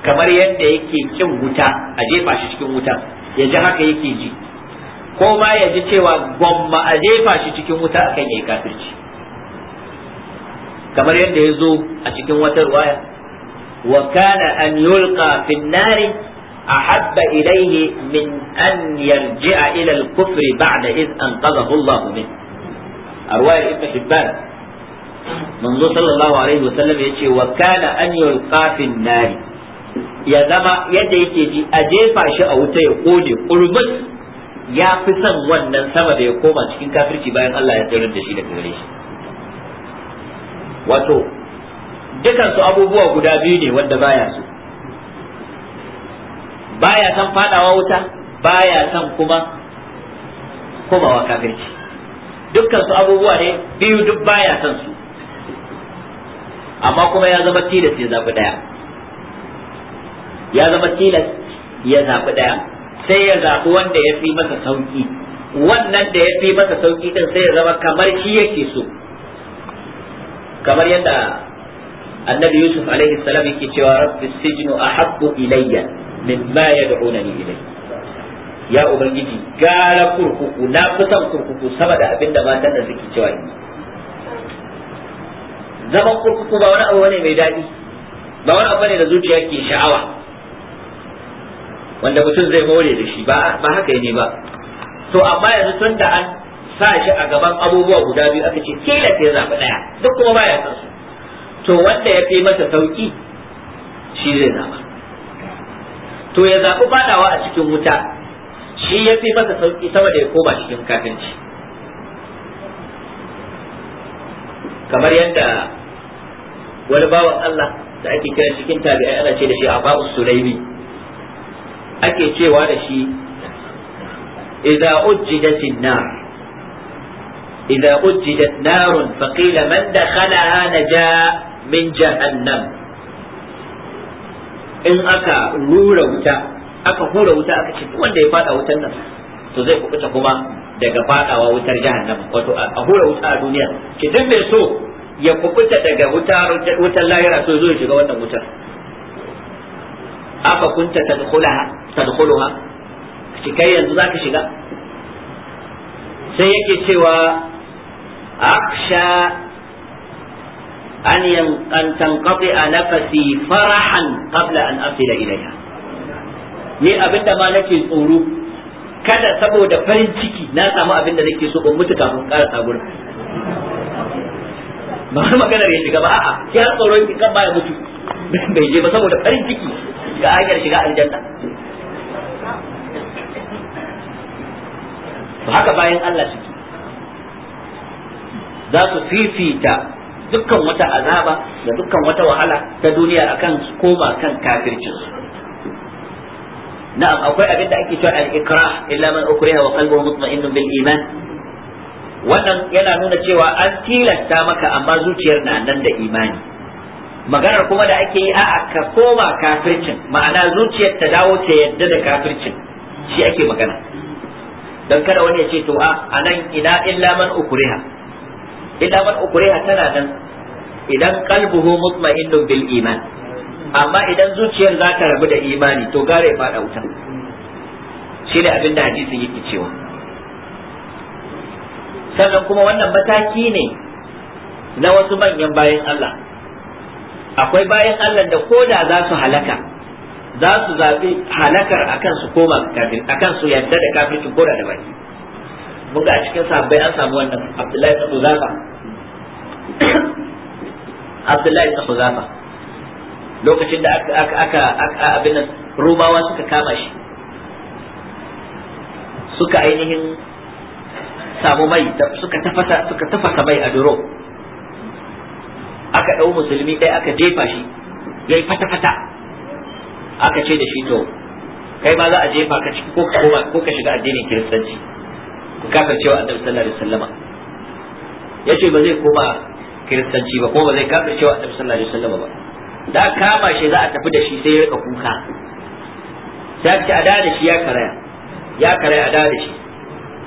kamar yadda yake kin wuta a jefa shi cikin wuta ya ji haka yake ji ko ma ya ji cewa gwamma a jefa shi cikin wuta akan yayi kafirci kamar yadda ya zo a cikin wata ruwaya wa kana an yulqa fin nari أحب إليه من أن يرجع إلى الكفر بعد إذ أنقذه الله منه أرواية ابن حبان منذ صلى الله عليه وسلم يتي وكان أن يلقى في النار ya zama yadda yake ji a jefa shi a wuta ya kone ƙulmus ya fi son wannan sama da ya koma cikin kafirci bayan Allah ya tsirar da shi daga gare shi wato dukansu abubuwa guda biyu ne wanda baya so. baya san fadawa wuta baya san kuma komawa kafirci dukkan su abubuwa ne biyu duk baya san su amma kuma ya zama tilas ya zaɓi ɗaya ya zama tilas ya zaɓi ɗaya sai ya zaɓi wanda ya fi masa sauƙi wannan da ya fi masa sauƙi ɗin sai ya zama kamar shi yake so kamar yadda annabi yusuf alaihi salam yake cewa rabbi sijnu ahabbu ilayya mimma ni ilayhi ya ubangiji gara kurkuku na kusan kurkuku sama da abin da matan da suke cewa ni zaman kurkuku ba wani abu ne mai daɗi ba wani abu ne da zuciya ke sha'awa wanda mutum zai more da shi ba haka ne ba to amma yanzu tun da an sa shi a gaban abubuwa guda biyu aka ce kila sai zaɓi ɗaya duk kuma baya san su to wanda ya fi masa sauki shi zai zama. to ya zaɓi faɗawa a cikin wuta shi ya fi masa sauƙi sama da ya koma cikin kafinci kamar yadda wani bawan Allah da ake kira cikin tabi'ai ana ce da shi a babu Sulaimi ake cewa da shi idza ujjidat an-nar idza ujjidat narun faqila man dakhalaha naja min jahannam in aka rura wuta aka hura wuta aka ce wanda ya fada wutar nan to zai kubuta kuma daga fadawa wutar jahannam wato a hura wuta a duniya ki duk mai so ya kubuta daga wutar lahira so zo ya shiga wannan wutar afa kunta tadkhulaha tadkhulaha ki kai yanzu zaka shiga sai yake cewa aksha an an tanqati nafsi farahan qabla an asila ilayha ni abinda ma nake tsoro kada saboda farin ciki na samu abinda nake so ban mutu kafin karasa gurin ba har maganar ya shiga ba a'a ya tsoron ki kan baya mutu bai je ba saboda farin ciki ga hanyar shiga aljanna to haka bayan Allah suke za su fifita dukkan wata azaba da dukkan wata wahala ta duniya akan koma kan kafircin su na'am akwai abin da ake cewa al-ikrah illa man ukriha wa qalbuhu mutma'innun bil iman wannan yana nuna cewa an tilasta maka amma zuciyar na nan da imani maganar kuma da ake yi a ka koma kafircin ma'ana zuciyar ta dawo ta yadda da kafircin shi ake magana dan kada wani ya ce to a anan ina illa man ukriha illa man ukriha tana nan idan qalbuhu mutma'innun bil iman amma idan zuciyar za ta rabu da imani to gare ya fada wuta shine abin da hadisi yake cewa sannan kuma wannan mataki ne na wasu manyan bayan Allah akwai bayan Allah da koda za su halaka za su zaɓi halakar akan su koma kafin akan su yadda da kafin koda da baki mun ga a cikin sahabbai an samu wannan Abdullahi bin Uzafa abdullahi ibn huzafa lokacin da aka aka aka abin nan rumawa suka kama shi suka ainihin samu mai suka tafasa suka tafasa mai a duro aka dau musulmi ɗaya aka jefa shi yayi fata fata aka ce da shi to kai ma za a jefa ka ciki ko ka ko ka shiga addinin kiristanci ku kafa cewa annabi sallallahu alaihi wasallama yace ba zai koma kiristanci ba ko ba zai kafa cewa annabi sallallahu alaihi wasallam ba da kama shi za a tafi da shi sai ya rika kuka sai ka a da shi ya karaya ya karaya a da shi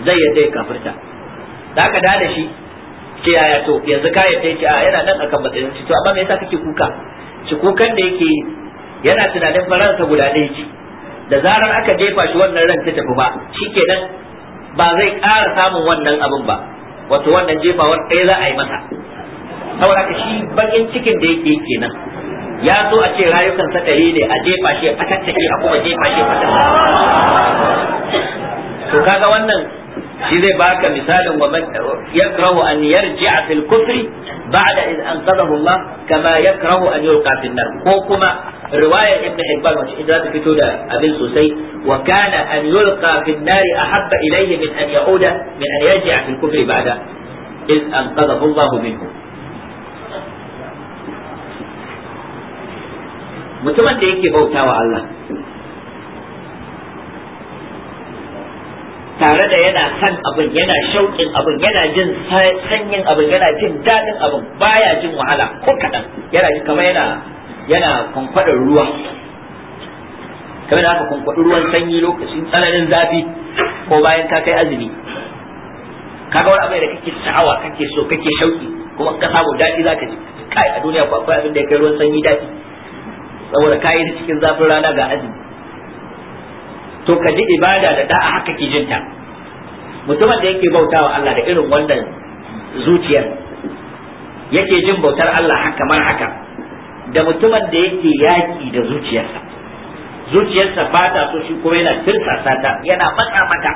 zai yadda ya kafirta da ka da shi ce yaya to yanzu ka yadda ya ce a yana nan akan matsayin to amma me yasa kake kuka shi kukan da yake yana tunanin faransa guda ɗaya ce da zarar aka jefa shi wannan ran ta tafi ba shikenan ba zai ƙara samun wannan abin ba wato wannan jefawar ɗaya za a yi masa saboda ka shi bakin cikin da yake kenan ya so a ce rayukan sa tare ne a jefa shi a tattake a kuma jefa shi a to kaga wannan shi zai baka misalin wa man yakrahu an yarji'a fil kufri ba'da iz anqadahu Allah kama yakrahu an yulqa fil nar ko kuma riwayar ibn Hibban wacce idan ta fito da abin sosai wa kana an yulqa fil nar ahabba ilayhi min an ya'uda min an yarji'a fil kufri ba'da iz anqadahu Allah minhu mutumin da yake bauta wa Allah tare da yana san abin yana shauƙin abin yana jin sanyin abin yana jin daɗin abin baya jin wahala ko kaɗan yana jin kamar yana yana kwankwaɗar ruwa kamar da aka kwankwaɗi ruwan sanyi lokacin tsananin zafi ko bayan ka kai azumi kaga wani abin da kake sha'awa kake so kake shauƙi kuma ka samu daɗi zaka ji kai a duniya ko akwai abin da ya kai ruwan sanyi daɗi saboda kayi cikin zafin rana ga azumi to ka ji ibada da da'a haka ki jinta mutumin da yake bautawa Allah da irin wannan zuciyar yake jin bautar Allah haka kamar haka da mutumin da yake yaki da zuciyarsa zuciyarsa ba ta so shi kuma yana tirsasa ta yana matsa mata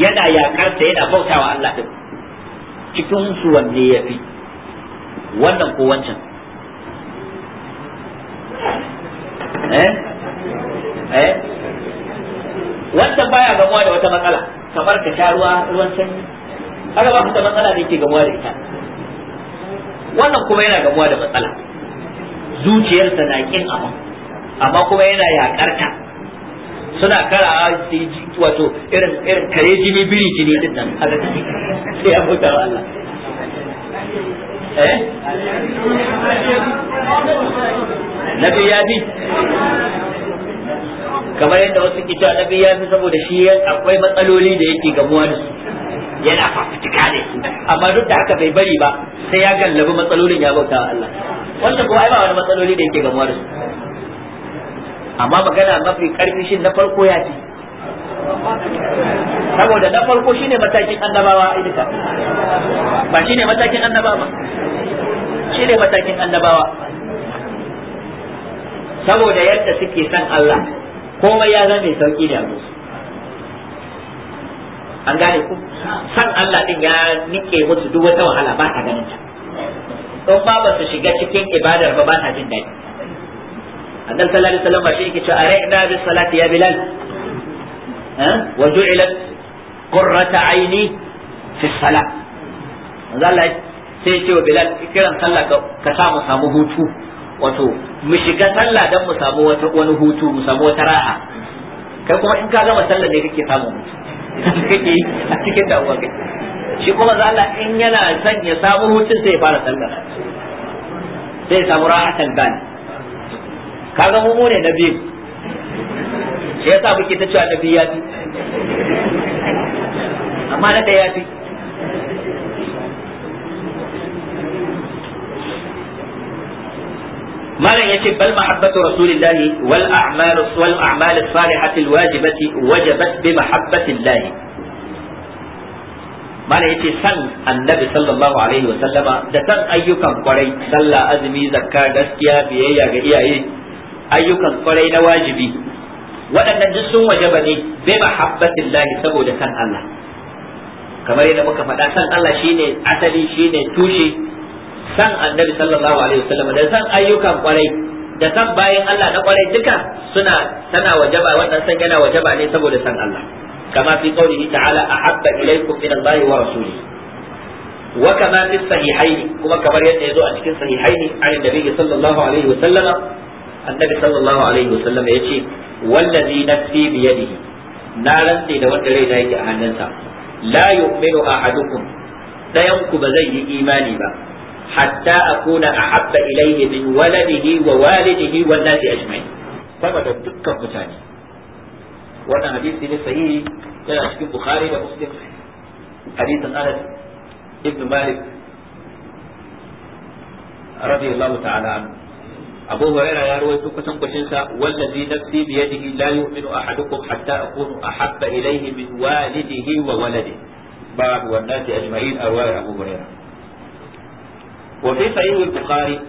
yana yakarta yana bautawa Allah din cikin su wanne yafi wannan ko wancan eh eh wannan baya gamuwa da wata matsala kamar ka sha ruwa ruwan sanyi kaga ba wata matsala da yake gamuwa da ita wannan kuma yana gamuwa da matsala zuciyarsa na kin abin amma kuma yana yakar ta suna kara wato irin irin kare jini biri jini din nan haka sai ya bauta Allah eh Nabi ya fi kamar yadda wasu ke cewa Nabi ya fi saboda shi akwai matsaloli da yake gamuwa da su yana fafutuka ne amma duk da haka bai bari ba sai ya gallabi matsalolin ya bauta Allah wanda kuma ai ba wani matsaloli da yake gamuwa da su amma magana mafi karfi shi na farko ya fi saboda na farko shine matakin annabawa idika ba shine matakin annabawa ba shine matakin annabawa saboda yadda suke san Allah komai ya zama mai sauki da su an gane ku san Allah din ya nike musu duk wata wahala ba ta ganin ta don ba ba su shiga cikin ibadar ba ba ta jin daɗi annabi sallallahu alaihi wasallam shi yake cewa ara'na bi salati ya bilal eh? wa ju'ilat qurrata aini fi salat manzo Allah sai ce wa bilal kiran sallah ka samu samu hutu wato mu shiga sallah dan mu samu wata wani hutu mu samu wata ra'a kai kuma in ka gama sallah ne kake samu hutu kake a cikin damuwa kake shi kuma za Allah in yana son ya samu hutun sai ya fara sallah sai ya samu ra'atan dan kaga mu mu ne na biyu shi yasa muke ta cewa na biyu ya fi amma na da ya fi malam yace bal mahabbatu rasulillahi wal a'mal wal a'mal as-salihati al-wajibati wajabat bi yace san annabi sallallahu alaihi wa sallama da san ayyukan kwarai sallah azumi zakka gaskiya biyayya ga iyaye ayyukan kwarai na wajibi waɗannan duk sun wajaba ne bi mahabbatillahi saboda san Allah kamar yadda muka faɗa san Allah shine asali shine tushe san annabi sallallahu alaihi wasallam da san ayyukan kwarai da san bayan Allah na kwarai duka suna tana wajaba wannan san yana wajaba ne saboda san Allah kama fi qaulihi ta'ala ahabba ilaykum min Allah wa rasulihi wa kama fi sahihaini kuma kamar yadda yazo a cikin sahihaini an annabi sallallahu alaihi wasallam annabi sallallahu alaihi wasallam yace wallazi nafsi bi yadihi na rantse da wanda rai na yake a hannunsa la yu'minu ahadukum dayan ku ba zai yi imani ba hatta akuna ahabba ilayhi min waladihi wa walidihi wan nasi ajma'in sama da dukkan mutane wannan hadisi ne sahihi yana cikin bukhari da muslim hadisin anas ibn malik radiyallahu ta'ala anhu abu hurairah ya rawaito kusan kucin sa wallazi nafsi bi yadihi la yu'minu ahadukum hatta akunu ahabba ilayhi min walidihi wa waladihi babu wannan ajma'in a ruwayar abu hurairah وفي صحيح البخاري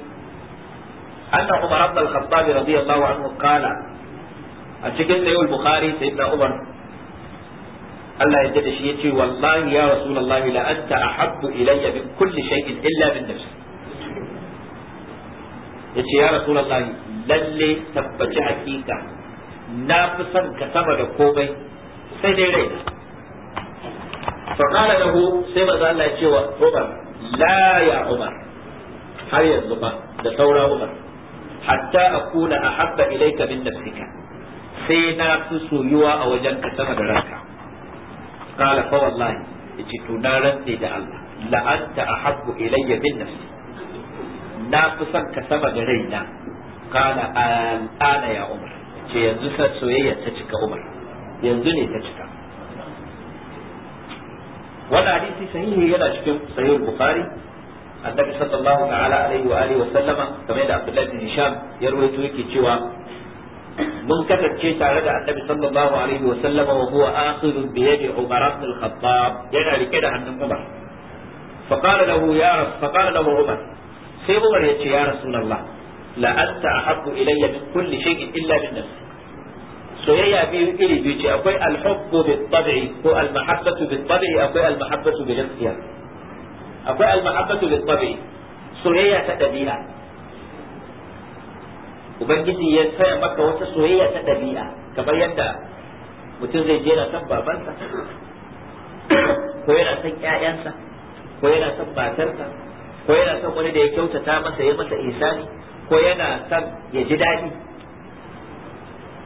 أن عمر بن الخطاب رضي الله عنه قال أتكلم صحيح البخاري سيدنا عمر الله يجد شيء والله يا رسول الله لا أنت أحب إلي من كل شيء إلا من نفسي yace ya rasulullahi lalle tabbaci hakika na fi son ka sama da komai sai dai raina fa qala lahu sai maza Allah ya ce wa Umar la ya Umar har yanzu ba da saura umar hatta akuna ahabba ilayka min nafsika sai na fi soyuwa a wajen ka sama da ranka kala fa wallahi yace to na rantsa da Allah la anta ahabbu ilayya min nafsi na fi son ka sama da raina qala ana ya umar ce yanzu sa soyayya ta cika umar yanzu ne ta cika wannan hadisi sahihi yana cikin sahih bukhari annabi sallallahu ta'ala alaihi wa alihi wa sallama kamar da Abdullah bin Hisham ya rawaito yake cewa mun kasance tare da annabi sallallahu alaihi wa sallama wa huwa bi yadi Umar ibn al-Khattab yana rike da hannun Umar fa qala lahu ya fa qala lahu Umar sai Umar ya ce ya Rasulullah la anta ahabbu ilayya min kulli shay'in illa min nafsi soyayya biyu iri biyu ce akwai al-hubbu bit-tab'i ko al-mahabbatu bit akwai al-mahabbatu bil akwai almahabbatu bil tabi soyayya ta dabi'a ubangiji ya saya maka wata soyayya ta dabi'a kamar yadda mutum zai je na san babansa ko yana san ƴaƴansa ko yana san batarsa, ko yana san wani da ya kyautata masa ya masa ihsani ko yana san ya ji daɗi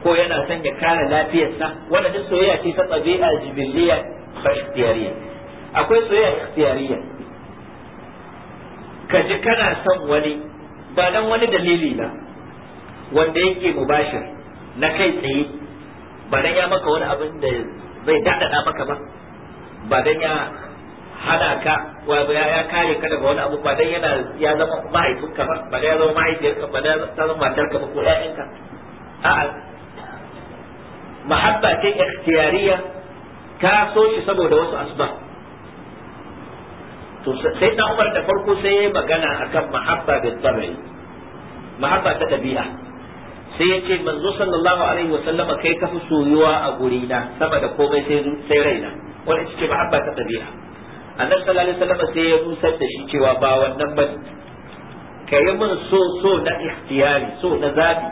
ko yana son ya kare lafiyarsa wannan duk soyayya ce ta tabi'a jibiliya ba ikhtiyariya akwai soyayya ikhtiyariya ka ji kana son wani ba dan wani dalili ba wanda yake mubashir na kai tsaye ba dan ya maka wani abin da zai dadada maka ba ba dan ya hada ka wa ya kare ka daga wani abu ba dan yana ya zama mahaifinka ba ba dan ya zama mahaifiyarka ba dan ta zama matarka ba ko ƴaƴanka a'a mahabba ce ikhtiyariya ka so shi saboda wasu asbab to sai na umar da farko sai ya yi magana akan mahabba da tabi'i mahabba ta ɗabi'a sai ya ce manzo sallallahu alaihi wa sallama kai ka fi soyuwa a guri na sama da komai sai sai raina wanda ita ce mahabba ta ɗabi'a. annabi sallallahu alaihi wa sallama sai ya nusar da shi cewa ba wannan ba ka yi min so so na ikhtiyari so na zabi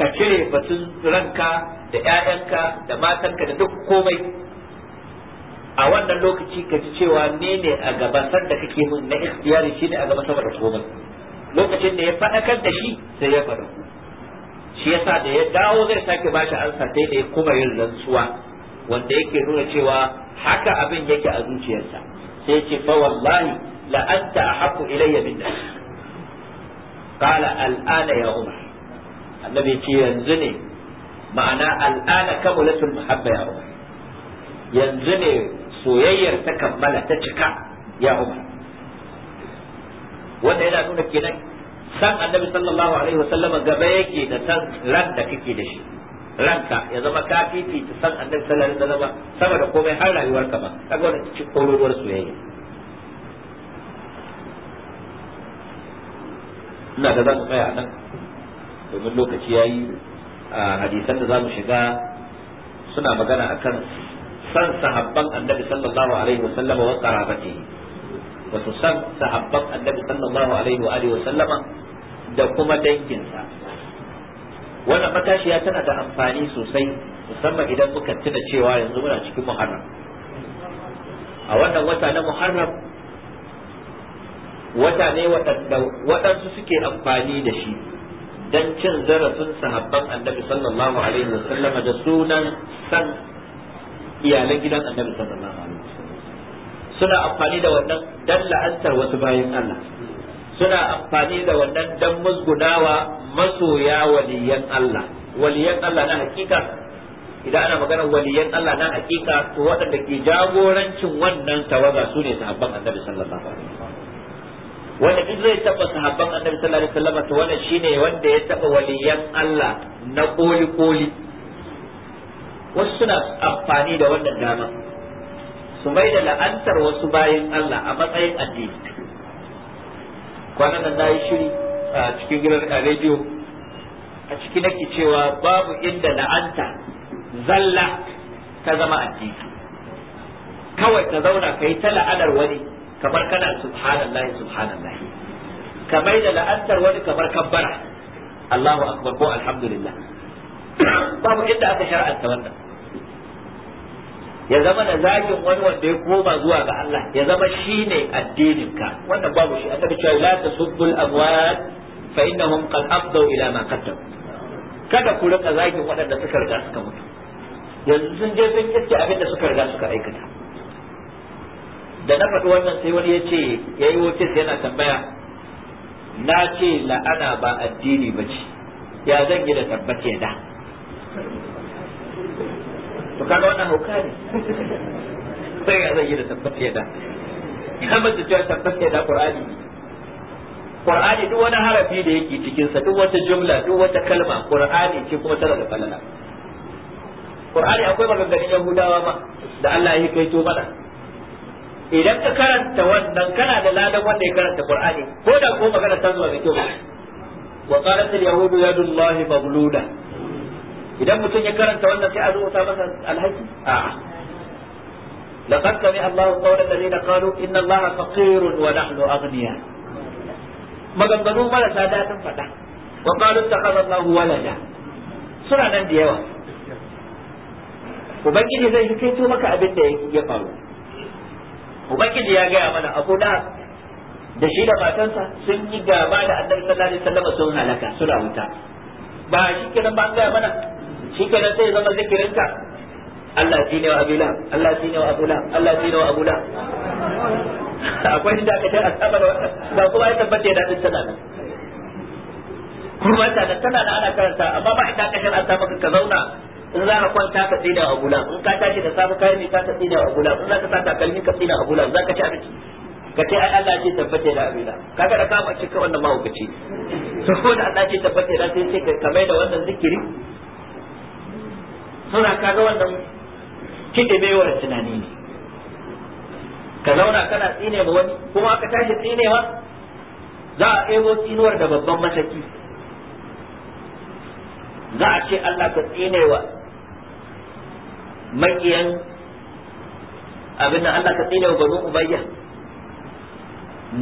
ka cire batun ranka da 'ya'yanka da matanka da duk komai a wannan lokaci ka ji cewa ne ne a gaban sanda kake mun na ikhtiyari ne a gaba sama da komai lokacin da ya fadakar da shi sai ya fada shi yasa da ya dawo zai sake bashi ansa sai da ya kuma yin rantsuwa wanda yake nuna cewa haka abin yake a zuciyarsa sai ya ce fa wallahi la anta ahaqqu ilayya min nas qala al'ana ya umar annabi ce yanzu ne ma'ana al'ana kamulatul muhabba ya umar yanzu ne soyayyar ta kammala ta cika ya umar wanda yana nuna kenan san annabi sallallahu alaihi wasallama gaba yake da san ran da kake da shi ranka ya zama ka fifita san annabi sallallahu alaihi wasallama sama da komai har rayuwar ka ba kaga wannan cikin kororuwar soyayya ina da za mu tsaya nan domin lokaci yayi hadisan da za mu shiga suna magana akan san sahabban annabi sallallahu alaihi wasallam wa qarabati ba su san sahabban annabi sallallahu alaihi wa alihi wasallama da kuma danginsa wannan matashiya tana da amfani sosai musamman idan muka tuna cewa yanzu muna cikin muharram a wannan wata na muharram wata ne waɗansu suke amfani da shi don cin zarafin sahabban annabi sallallahu alaihi wasallama da sunan san iyalan gidan annabi sallallahu alaihi wasallam suna amfani da wannan dalla antar wasu bayan Allah suna amfani da wannan dan musgunawa masoya waliyan Allah waliyan Allah na hakika idan ana magana waliyan Allah na hakika to waɗanda ke jagorancin wannan tawaga su ne sahabban annabi sallallahu alaihi wanda duk zai taba sahabban annabi sallallahu alaihi wasallam to wannan shine wanda ya taba waliyan Allah na koli koli wasu suna amfani da wannan dama su mai da la'antar wasu bayan Allah a matsayin addini kwanan nan na yi shiri a cikin gidan rediyo a ciki nake cewa babu inda la'anta zalla ta zama addini kawai ka zauna ka yi ta la'anar wani kamar kana subhanallah subhanallah ka mai da la'antar wani kamar kabbara Allahu akbar ko alhamdulillah babu inda aka shar'anta wannan ya zama da zagin wani wanda ya koma zuwa ga Allah ya zama shine addininka wannan babu shi aka cewa la tasubbul amwat fa innahum qad afdaw ila ma qaddam kada ku rika zagin waɗanda suka riga suka mutu yanzu sun je sun kiske abin da suka riga suka aikata da na faɗi wannan sai wani ya ce ya yi wakil yana tambaya na ce la'ana ba addini ba ce ya zan yi da tabbace da to kaga wannan hauka ne sai ya zai yi da tabbata yadda. ya manta cewa tabbata yadda qur'ani ne qur'ani duk wani harafi da yake cikin sa duk wata jumla duk wata kalma qur'ani ce kuma tana da falala qur'ani akwai maganganun yahudawa ma da Allah ya kai to mana idan ka karanta wannan kana da ladan wanda ya karanta qur'ani ko da ko magana ta zuwa mai kyau wa qalat al yahudu yadullahi maglula idan mutum ya karanta wannan sai a rubuta masa alhaji. a'a laqad sami'a Allahu qawla alladhina qalu inna Allaha faqirun wa nahnu aghniya maganganu marasa daɗin faɗa wa qalu takhadha Allahu walada suna nan da yawa ubangiji zai hikaito maka abin da ya faru ubangiji ya gaya mana abu da da shi da matansa sun yi gaba da annabi sallallahu alaihi wasallam sun halaka suna wuta ba shi kiran ba an gaya mana shi kenan sai zama zikirinka Allah ne wa abula Allah ne wa abula Allah ne wa abula akwai inda aka tara saba da wannan ba kuma ya tabbata ya dadin sana ne kuma da sana da ana karanta amma ba ita kashin an saba ka zauna in za ka kwanta ka tsina a gula in ka tashi da sabu kai ne ka ka tsina a gula in za ka sa takalmi ka tsina a gula za ka ci abinci ka ce ai Allah ce tabbata da abina kaga da ka bace ka wannan mahaukaci to ko da Allah ce tabbata da sai sai ka mai da wannan zikiri suna kaga wannan wa tunani ne ka zauna kana tsine ma wani kuma aka tashi tsinewa za a ɗebo tsinuwar da babban mataki za a ce Allah ka tsinewa makiyan abin nan Allah ka tsinewa banu ubayya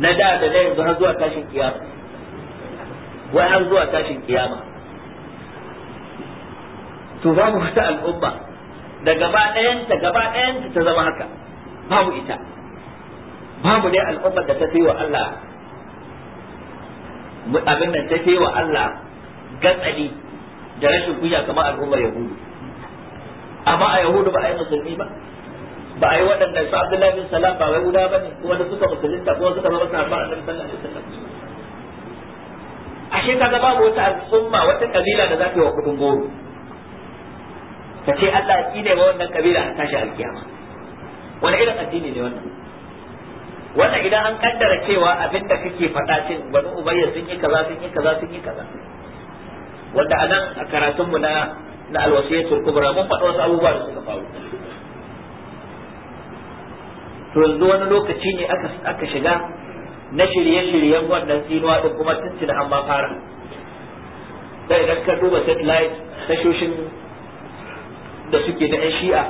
na da da na yanzu har zuwa tashin kiyama wai har zuwa tashin kiyama to babu wata al'umma da gaba ɗayanta gaba ɗayanta ta zama haka babu ita babu dai al'ummar da ta fi wa Allah abin da ta fi wa Allah gatsali da rashin kunya kamar al'ummar yahudu amma a yahudu ba a yi musulmi ba ba a yi waɗanda su abdullahi bin salam ba wai guda bane ko wanda suka musulunta ko suka zama sahabba annabi sallallahu alaihi wasallam ashe kaga babu wata al'umma wata kabila da za ta yi wa kudin goro ka ce Allah ki ne ba wannan kabila a tashi alkiyama wani irin addini ne wannan wannan idan an kaddara cewa abin da kake faɗa cin bani ubayya sun yi kaza sun yi kaza sun yi kaza wanda a nan a karatunmu na na alwasiyatul kubra mun faɗa wasu abubuwa da suka faru to yanzu wani lokaci ne aka shiga na shirye-shiryen wannan tsinuwa din kuma tuntuna an ma fara sai idan ka duba satellite tashoshin da suke da yan shi'a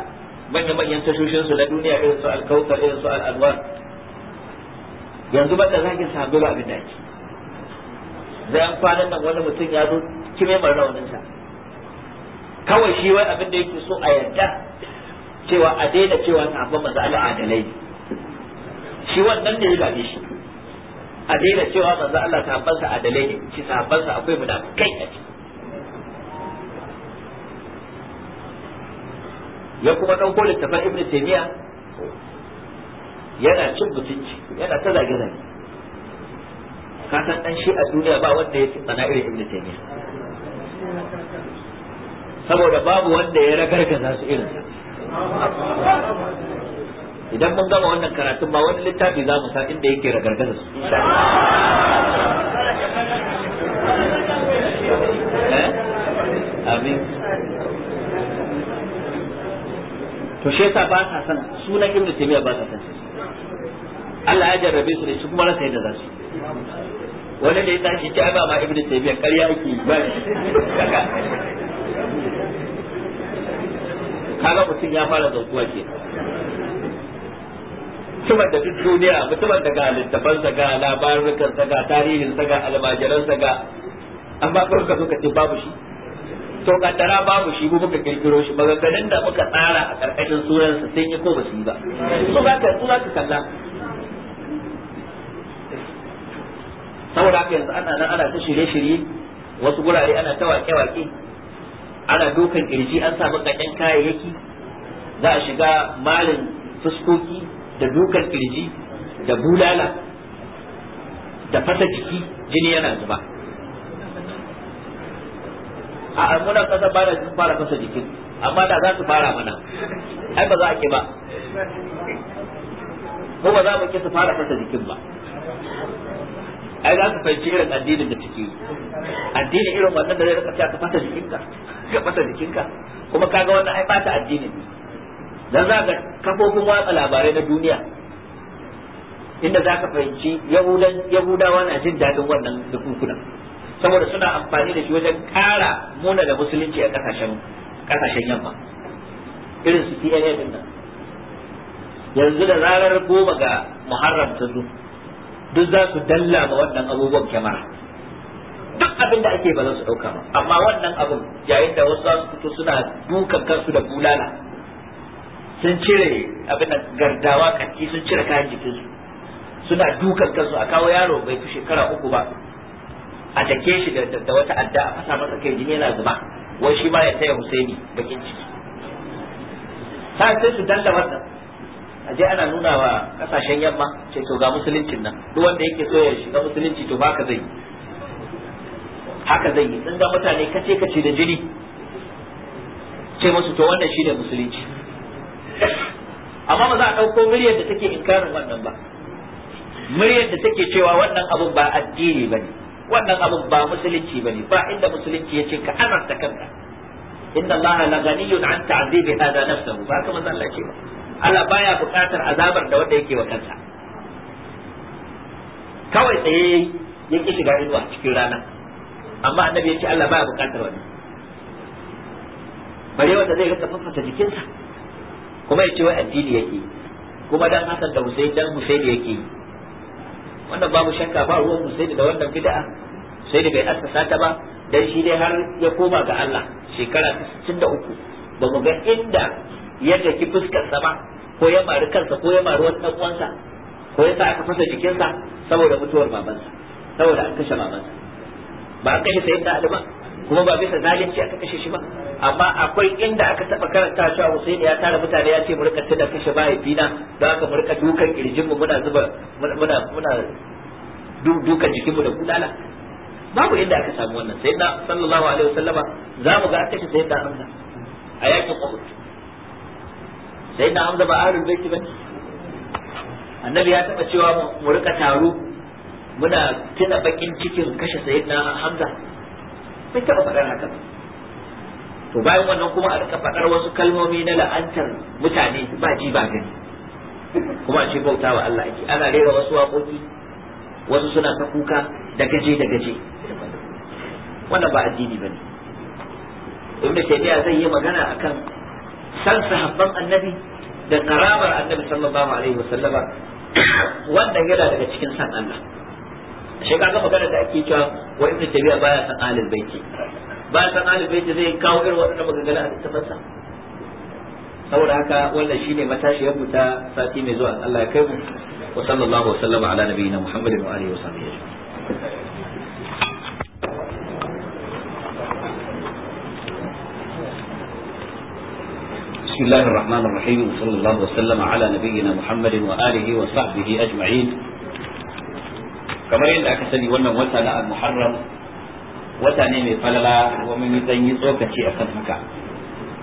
manyan manyan tashoshin su na duniya irin su alkautar irin su al'adwar yanzu ba da zaki sabu ba abin da ake zan kwanan nan wani mutum ya zo kime mai raunin sa kawai shi wai abin da yake so a yarda cewa a daina cewa sahabban manzo Allah adalai shi wannan ne ya gabe shi a daina cewa manzo Allah sa adalai ne shi sahabbansa akwai munafikai a ciki ya kuma ɗauko littafan ibn taymiya yana cin mutunci yana ta zage zage ka san dan shi a duniya ba wanda ya ci tsana irin ibn taymiya saboda babu wanda ya ragargaza su irin idan mun gama wannan karatun ba wani littafi za mu sa inda yake ragargaza su eh? amin to shi yasa ba sa san sunan ibnu taymiya ba sa san Allah ya jarrabe su da shi kuma rasa yadda za su wani da ya tashi ce ba ma ibnu taymiya ƙarya yake ba kaga mutum ya fara zautuwa ke kuma da duk duniya mutumin da ga littafansa ga labarukansa ga tarihinsa ga almajiransa ga amma kawai ka zo ka ce babu shi to kaddara babu shi ka kirkiro shi maganganun da muka tsara a karkashin suran sa sun yi ko ba su yi ba su ka su ka kalla saboda haka yanzu ana nan ana ta shirye-shirye wasu gurare ana ta wake-wake ana dukan kirji an samu kakken kayayyaki za a shiga malin fuskoki da dukan kirji da bulala da fasa jiki jini yana zuba a muna kasa ba da sun fara kasa jikin amma da za su fara mana ai ba za a ki ba ko ba za mu ki su fara kasa jikin ba ai za su fahimci irin addinin da take yi addinin irin wannan da zai rika cewa ka fata jikinka ka fata jikinka kuma kaga wannan ai fata addinin ne dan za ga kafofin watsa labarai na duniya inda za ka fahimci yahudawa na jin daɗin wannan dukunkunan saboda suna amfani da shi wajen kara muna da musulunci a kasashen kasashen yamma irin su CIA din nan yanzu da zarar goma ga Muharram ta zo duk za su dalla ma wannan abubuwan kyamara duk abin da ake ba za su dauka ba amma wannan abin yayin da wasu za su fito suna dukan kansu da bulala sun cire abin da gardawa kanti sun cire kayan jikinsu suna dukan kansu a kawo yaro bai fi shekara uku ba a take shi da wata adda a fasa masa kai jini yana zuba wai shi ma ya taya Husaini bakin ciki sai sai su danda wannan a je ana nuna wa kasashen yamma ce to ga musuluncin nan duk wanda yake so ya shiga musulunci to baka zai haka zai yi sun ga mutane kace kace da jini ce musu to wannan ne musulunci amma ba za a ɗauko muryar da take inkarin wannan ba muryar da take cewa wannan abun ba addini ba ne wannan abin ba musulunci ba ne ba inda musulunci ya ce ka azarta kanka inda Allah la ganiyun an ta'zibi hada nafsuhu ba haka manzo Allah ce ba Allah baya buƙatar azabar da wanda yake wa kansa kawai tsaye ki shiga a cikin rana amma annabi ya ce Allah baya buƙatar wani bare wanda zai rika fafata jikinsa kuma ya ce wai addini yake kuma dan Hassan da Hussein dan Hussein yake yi wannan babu shakka ba ruwan mu sai da wannan bid'a sai da bai assasa ta ba dan shi dai har ya koma ga Allah shekara 63 ba mu ga inda ya daki fuskar sa ba ko ya mari kansa ko ya mari wani uwansa ko ya sa aka fasa jikinsa saboda mutuwar babansa saboda an kashe babansa ba an kashe sayyidina Ali ba kuma ba bisa zalunci aka kashe shi ba amma akwai inda aka taba karanta a Husaini ya tara mutane ya ce mu rika tana kashe mahaifina don haka mu rika dukan kirjin mu muna zuba muna muna dukan jikin mu da kudala babu inda aka samu wannan sai da sallallahu alaihi wasallama za mu ga aka kashe sayyidina Hamza a yakin Uhud sayyidina Hamza ba ahlul bait ba. annabi ya taba cewa mu rika taro muna tuna bakin cikin kashe sayyidina Hamza sai taɓa faɗar haka to bayan wannan kuma a faɗar wasu kalmomi na la'antar mutane ba ji ba gani kuma a ce bauta wa Allah ake ana rera wasu waƙoƙi wasu suna ta kuka da gaje da gaje wannan ba addini ba ne ibnu taymiya zai yi magana akan san sahabban annabi da karamar annabi sallallahu alaihi wasallama wannan yana daga cikin san Allah shi kaga magana da ake cewa wa ibnu tabiya baya san alil baiti baya san alil baiti zai kawo irin waɗannan maganganu a littafinsa saboda haka wannan shine matashi mu ta sati mai zuwa Allah ya kai mu wa sallallahu wa sallama ala nabiyina muhammadin wa alihi wa sahbihi ajma'in بسم الله الرحمن الرحيم وصلى الله وسلم على نبينا محمد وآله وصحبه أجمعين kamar yadda aka sani wannan wata na al-muharram wata ne mai falala kuma mun zan yi tsokaci akan haka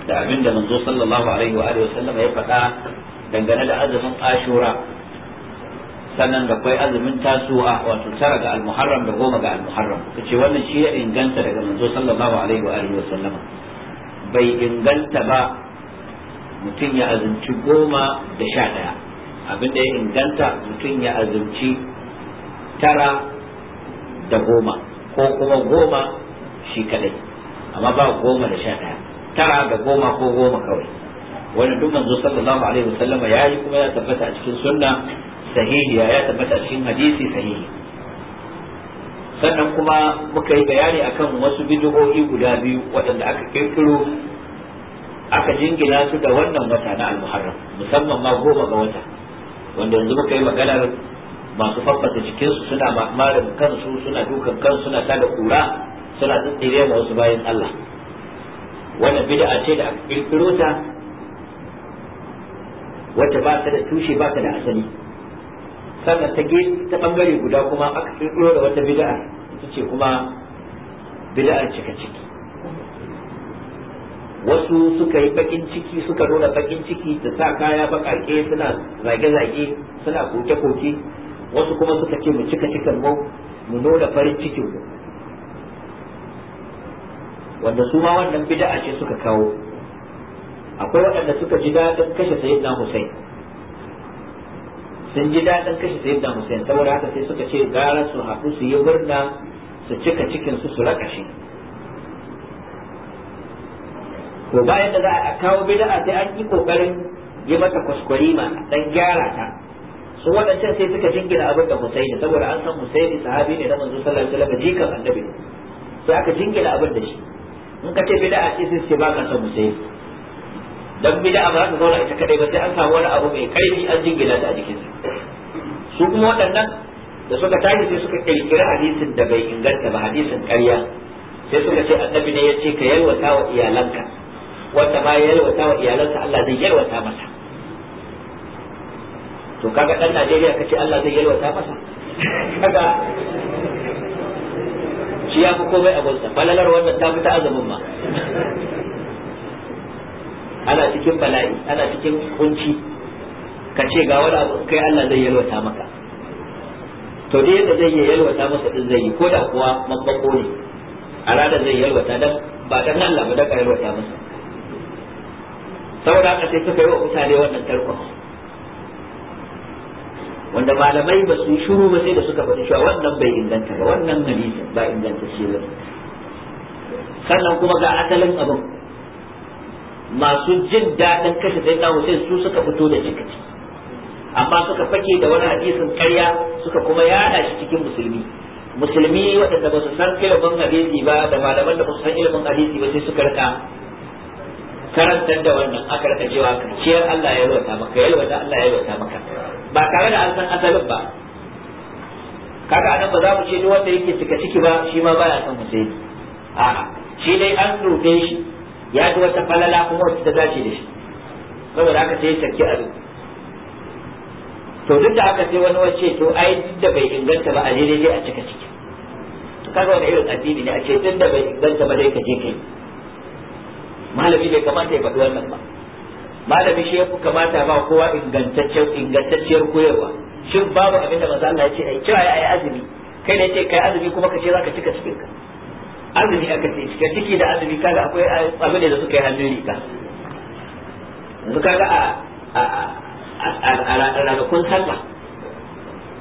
da abin da manzo sallallahu alaihi wa alihi wasallam ya faɗa dangane da azumin ashura sannan da kwai azumin tasu'a wato tara ga al-muharram da goma ga al-muharram kace wannan shi ya inganta daga manzo sallallahu alaihi wa alihi wasallam bai inganta ba mutum ya azumci goma da sha ɗaya abin da ya inganta mutum ya azumci tara da goma ko kuma goma shi kadai amma ba goma da sha ɗaya tara da goma ko goma kawai wani duk manzo sallallahu alaihi wasallam ya yi kuma ya tabbata cikin sunna sahihi ya tabbata cikin hadisi sahihi sannan kuma muka yi bayani akan wasu bid'o'i guda biyu waɗanda aka kirkiro aka jingina su da wannan wata na al-muharram musamman ma goma ga wata wanda yanzu muka yi maganar masu faffasa jikinsu suna marin kansu suna dukan kansu suna tada kura suna tsire ma wasu bayan Allah wannan bid'a ce da aka kirkiro ta wacce ba ta da tushe ba ta da asali sannan ta ge ta bangare guda kuma aka kirkiro da wata bid'a ita ce kuma bid'ar cika ciki wasu suka yi bakin ciki suka nuna bakin ciki ta sa kaya bakake suna zage-zage suna koke-koke wasu kuma suka ce mu cika cikin mu mu nuna farin cikin mu wanda su ma wannan bid'a ce suka kawo akwai waɗanda suka ji daɗin kashe sayyidina Hussein sun ji daɗin kashe sayyidina Hussein saboda haka sai suka ce gara su haɗu su yi murna su cika cikin su su raka shi to bayan da za a kawo bid'a sai an yi kokarin yi mata ma dan gyara ta su waɗancan sai suka jingina abin da Husaini saboda an san Husaini sahabi ne na manzo sallallahu alaihi wasallam jikan annabi ne sai aka jingina abin da shi in ka ce bid'a ce sai ce baka san Husaini dan bid'a ba za ta zauna ita kadai ba sai an samu wani abu mai kaifi an jingina ta a jikin su kuma waɗannan da suka tashi sai suka kirkiri hadisin da bai inganta ba hadisin ƙarya sai suka ce annabi ne ya ce ka yalwata wa iyalanka wanda ma ya yalwata wa iyalansa Allah zai yalwata masa to kaga dan Najeriya kace Allah zai yalwata masa kaga shi ya fi komai a gunsa falalar wannan ta fita azumin ma ana cikin bala'i ana cikin kunci ka ce ga wani abu kai Allah zai yalwata maka to dai yadda zai yalwata masa din zai yi ko da kuwa mabako ne a ranar zai yalwata dan ba dan Allah ba dan ka yalwata masa saboda haka sai suka yi wa mutane wannan tarkon wanda malamai ba su shuru ba sai da suka faɗi cewa wannan bai inganta ba wannan hadisi ba inganta shi ba sannan kuma ga asalin abin masu jin daɗin kashe sai dawo sai su suka fito da jikaci amma suka fake da wani hadisin ƙarya suka kuma yaɗa shi cikin musulmi musulmi waɗanda ba su san ilimin hadisi ba da malaman da ba su san ilimin hadisi ba sai suka rika karantar da wannan aka rika cewa karciyar Allah ya yalwata maka yalwata Allah ya yalwata maka ba tare da an san asalin ba kaga anan ba za mu ce duk wanda yake cika ciki ba shi ma baya son Husaini a'a shi dai an dube shi ya ji wata falala kuma wacce ta dace da shi saboda haka sai ya a duk to duk da haka sai wani wace to ai duk da bai inganta ba a je dai a cika ciki kaga wani irin addini ne a ce duk da bai inganta ba dai ka je kai malami bai kamata ya faɗi wannan ba malami shi yafi kamata ba kowa ingantaccen ingantacciyar koyarwa shin babu abin da manzo Allah ya ce ai ya ai azumi kai ne ce kai azumi kuma ka ce zaka cika cikin ka azumi aka ce cika ciki da azumi kaga akwai abin da suka yi hannun rika yanzu kaga a a ranakun sallah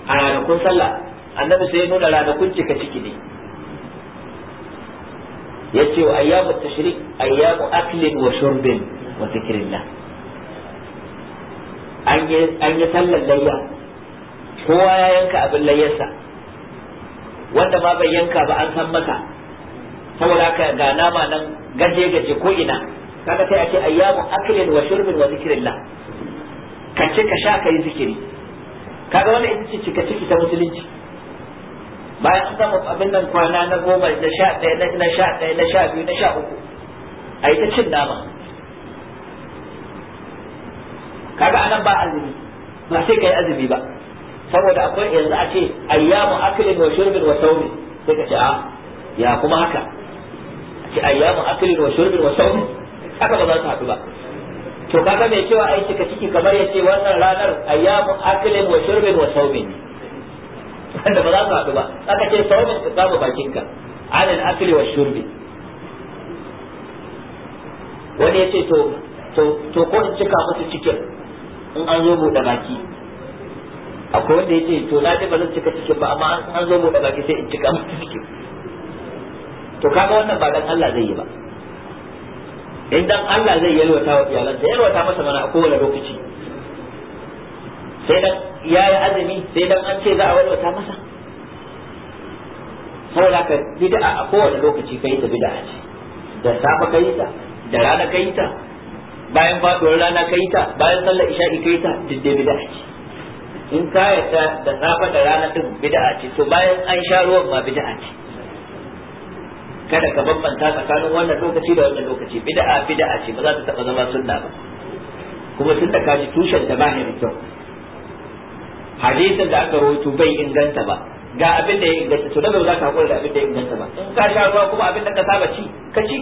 a ranakun sallah annabi sai ya nuna ranakun cika ciki ne yace wa ayyamu tashrik ayyamu aklin wa shurbin wa zikrillah an yi sallar layya kowa ya yanka abin layyarsa wanda ma bai yanka ba an san masa saboda ka ga nama nan gaje gaje ko ina kaga sai a ce ayyamu aklin wa shurbin wa zikrillah ka ce ka sha ka yi zikiri kaga wannan ita ce cika ciki ta musulunci bayan an gama abin nan kwana na goma na sha ɗaya na sha ɗaya na sha biyu na sha uku a ita cin nama kaga anan ba azumi ba sai kai azumi ba saboda akwai yanzu a ce ayyamu aklin wa shurbin wa sawmin sai ka ce a ah, ya kuma haka a ce ayyamu aklin wa shurbin wa sawmin haka ba za su haɗu ba to kaga mai cewa ai cika ciki kamar yace wannan ranar ayyamu aklin wa shurbin wa sawmin wanda ba za su haɗu ba aka ce sawmin ka samu bakinka alal akli wa shurbi wani ya ce to to ko in cika musu cikin in an zo buɗe baki akwai wanda ce to na ji ba zan cika cikin ba amma an zo buɗe baki sai in cika masa cikin to kaga wannan ba dan Allah zai yi ba in dan Allah zai yalwata wa iyalansa yalwata masa mana a kowane lokaci sai dan ya yi azumi sai dan an ce za a yalwata masa saboda ka bid'a a kowane lokaci kai ta bid'a ce da safa kai ta da rana kai ta bayan faduwar rana kai ta bayan sallar isha'i kai ta duk dai bid'a ce in ka yarda da safa da rana din bid'a ce to bayan an sha ruwan ma bid'a ce kada ka bambanta tsakanin wannan lokaci da wannan lokaci bid'a bid'a ce ba za ta taba zama sunna ba kuma tun da kaji tushen ta bani hin kyau hadisin da aka rawaito bai inganta ba ga abin da ya inganta to daga za ka hakura da abin da ya inganta ba in ka sha ruwa kuma abin da ka saba ci ka ci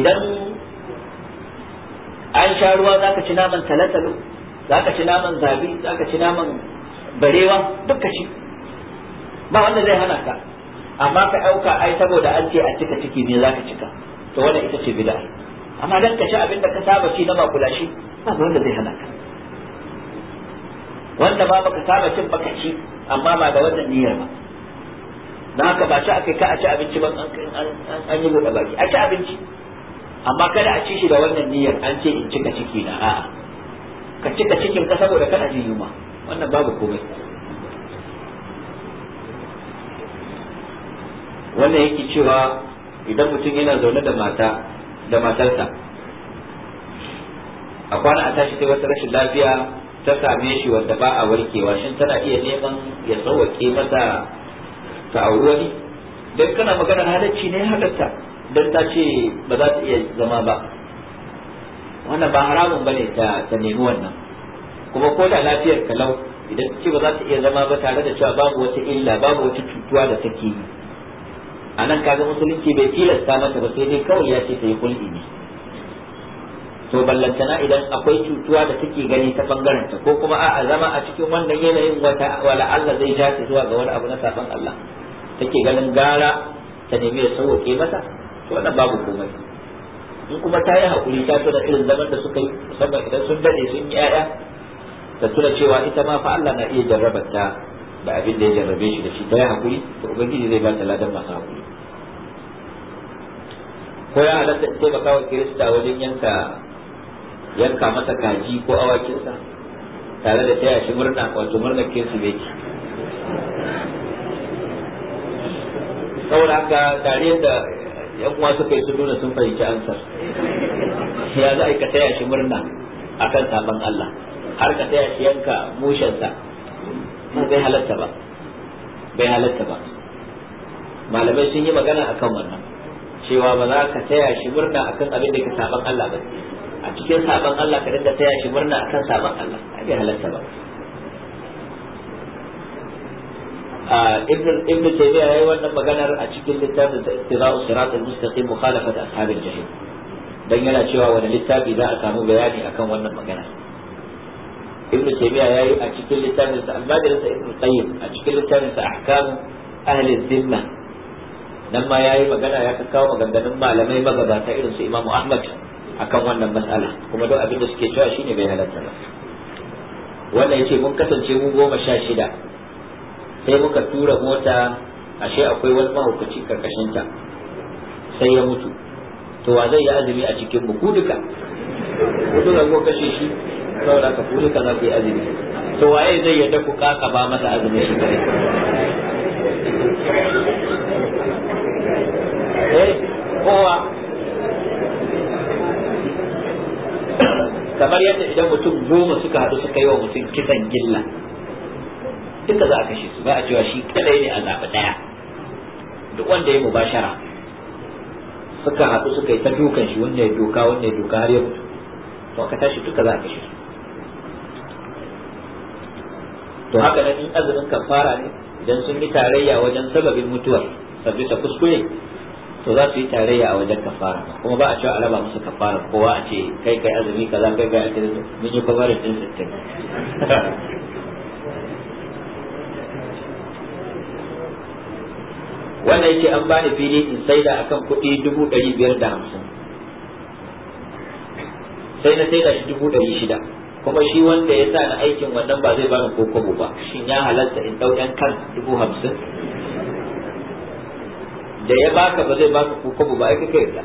idan an sha ruwa zaka ci naman talatalo zaka ci naman zabi zaka ci naman barewa duka ci ba wanda zai hana ka amma ka ɗauka ai saboda an ce a cika ciki ne zaka cika to wanda ita ce bid'a amma dan ka ci abin da ka saba ci na makulashi ba wanda zai hana ka wanda ba baka saba cin baka ci amma ba da wannan niyyar ba Na haka ba shi akai ka a ci abinci ba an yi buɗe baki a ci abinci amma kada a ci shi da wannan niyyar an ce in cika ciki na a'a ka cika cikin ka saboda kana jin yunwa wannan babu komai wannan yake cewa idan mutum yana zaune da mata da matarsa a kwana a tashi sai wata rashin lafiya ta same shi wanda ba a warkewa shin tana iya neman ya sauwaƙe masa ta auri wani don kana maganar halacci ne ta. don ta ce ba za ta iya zama ba wannan ba haramun bane ta ta nemi wannan kuma ko da lafiyar kalau idan ta ce ba za ta iya zama ba tare da cewa babu wata illa babu wata cutuwa da take yi a nan kaga musulunci bai tilasta mata ba sai dai kawai ya ce ta yi kulli ne to ballantana idan akwai cutuwa da take gani ta bangaren ta ko kuma a'a zama a cikin wannan yanayin wata wala Allah zai ja zuwa ga wani abu na safan Allah take ganin gara ta nemi ya sauke mata to wannan babu komai in kuma ta yi hakuri ta tuna irin zaman da suka yi musamman idan sun dade sun yi ƴaƴa ta tuna cewa ita ma fa Allah na iya jarrabata da abin da ya jarrabe shi da shi ta yi hakuri to ubangiji zai ba ta ladan masu hakuri ko ya halatta in taimaka wa kirista wajen yanka yanka masa kaji ko awakinsa tare da taya shi murna wato murnar ki saboda haka tare da yan uwa suka yi su nuna sun fahimci ansar ya za ka taya shi murna akan sabon Allah har ka taya shi yanka mushensa mu bai halatta ba bai halatta ba malamai sun yi magana akan wannan cewa ba za ka taya shi murna akan abin da ka sabon Allah ba a cikin sabon Allah ka dinga taya shi murna akan sabon Allah bai halatta ba ibn taymiya yayi wannan maganar a cikin littafin ittiba'u sirat al-mustaqim mukhalafat ashabil jahil dan yana cewa wani littafi za a samu bayani akan wannan magana ibn taymiya yayi a cikin littafin sa al-madrin a cikin littafin sa ahkam ahli nan ma yayi magana ya kawo maganganun malamai magabata irin su imamu ahmad akan wannan mas'ala kuma duk abin da suke cewa shine bai halatta ba ya ce mun kasance mu goma sha shida sai muka tura mota ashe akwai wani mahaukaci karkashin ta sai ya mutu to wa zai yi azumi a cikin mu kuduka duka ku ko kashe shi saboda ka ku duka za ku yi azumi to waye zai yadda ku kaka ba masa azumi shi kare eh kowa kamar yadda idan mutum goma suka haɗu suka yi wa mutum kisan gilla duka za a kashe su ba a cewa shi kadai ne a zaɓi ɗaya duk wanda ya mubashara suka haɗu suka yi ta dukan shi wanda ya doka wanda ya doka har ya mutu to aka tashi duka za a kashe su to haka nan in azumin kafara ne idan sun yi tarayya wajen sababin mutuwar sabbi ta kuskure to za su yi tarayya a wajen kafara kuma ba a cewa alaba musu kafara kowa a ce kai kai azumi kaza kai kai azumi mun yi kwabarin din sittin wannan yake an bani fili in saida akan kuɗi dubu ɗari biyar da hamsin sai na saida shi dubu ɗari shida kuma shi wanda ya sa na aikin wannan ba zai bani ko kwabo ba shin ya halatta in ɗau ɗan kan dubu hamsin da ya baka ba zai baka ko kwabo ba ai kake yarda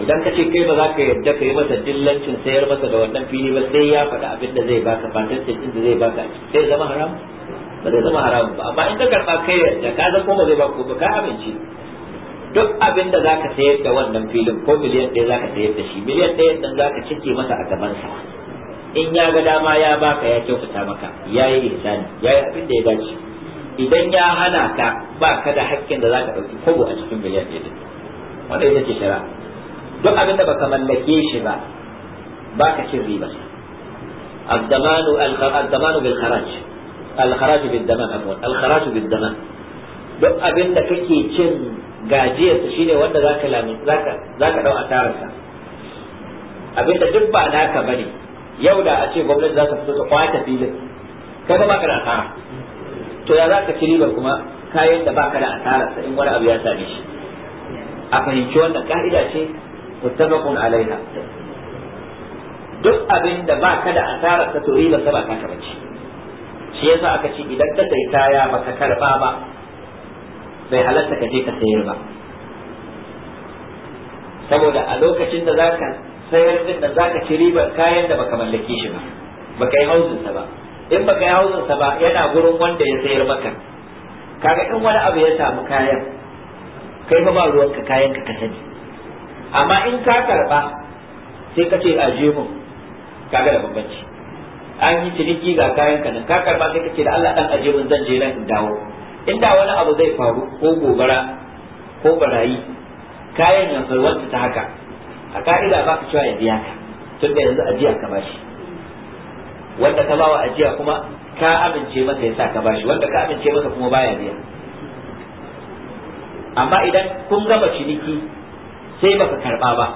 idan ka ce kai ba za ka yarda ka yi masa dillancin sayar masa da wannan fili ba sai ya faɗa abin da zai baka fantastic din da zai baka sai zama haram ba zai zama haramun ba amma in ka karba kai da ka zan koma zai ba ku ba ka amince duk abin da zaka sayar da wannan filin ko miliyan ɗaya zaka sayar da shi miliyan ɗaya nan zaka cike masa a gaban sa in ya ga dama ya baka ya kyautata maka ya yi ihsani ya yi abin da ya dace idan ya hana ka ba ka da hakkin da zaka ɗauki kobo a cikin miliyan ɗaya wanda ita ce shara duk abin da baka mallake shi ba baka cin riba الضمان الضمان بالخراج alkharaju bid daman afwan alkharaju bid daman duk abin da kake cin gajiyarsa shine wanda zaka lamu zaka zaka dau asararsa abin da duk ba naka bane yau da a ce gwamnati za ta fito ta kwata filin kai ba ka da asara to ya zaka ci ribar kuma kayan da baka da asararsa in wani abu ya same shi a fahimci wannan ka'ida ce muttafaqun alaiha duk abin da baka da asararsa to ribar ba ka ta bace shi yasa aka ce idan ka sai kaya baka karba ba bai halatta ka je ka sayar ba saboda a lokacin da zaka sayar din da zaka ci ribar kayan da baka mallake shi ba baka yi sa ba in baka yi sa ba yana gurin wanda ya sayar maka kaga in wani abu ya samu kayan kai fa ba ruwanka kayan ka ka sani amma in ka karba sai ka ce a je mu kaga da bambanci an yi ciniki ga kayan ka nan ka karba sai kace da Allah dan aje mun zan je nan in dawo inda wani abu zai faru ko gobara ko barayi kayan yanzu wanda ta haka a ka'ida ba ka cewa ya biya ka tun da yanzu ajiya ka bashi wanda ka bawa ajiya kuma ka amince masa yasa ka bashi wanda ka amince masa kuma baya biya amma idan kun gama ciniki sai baka karba ba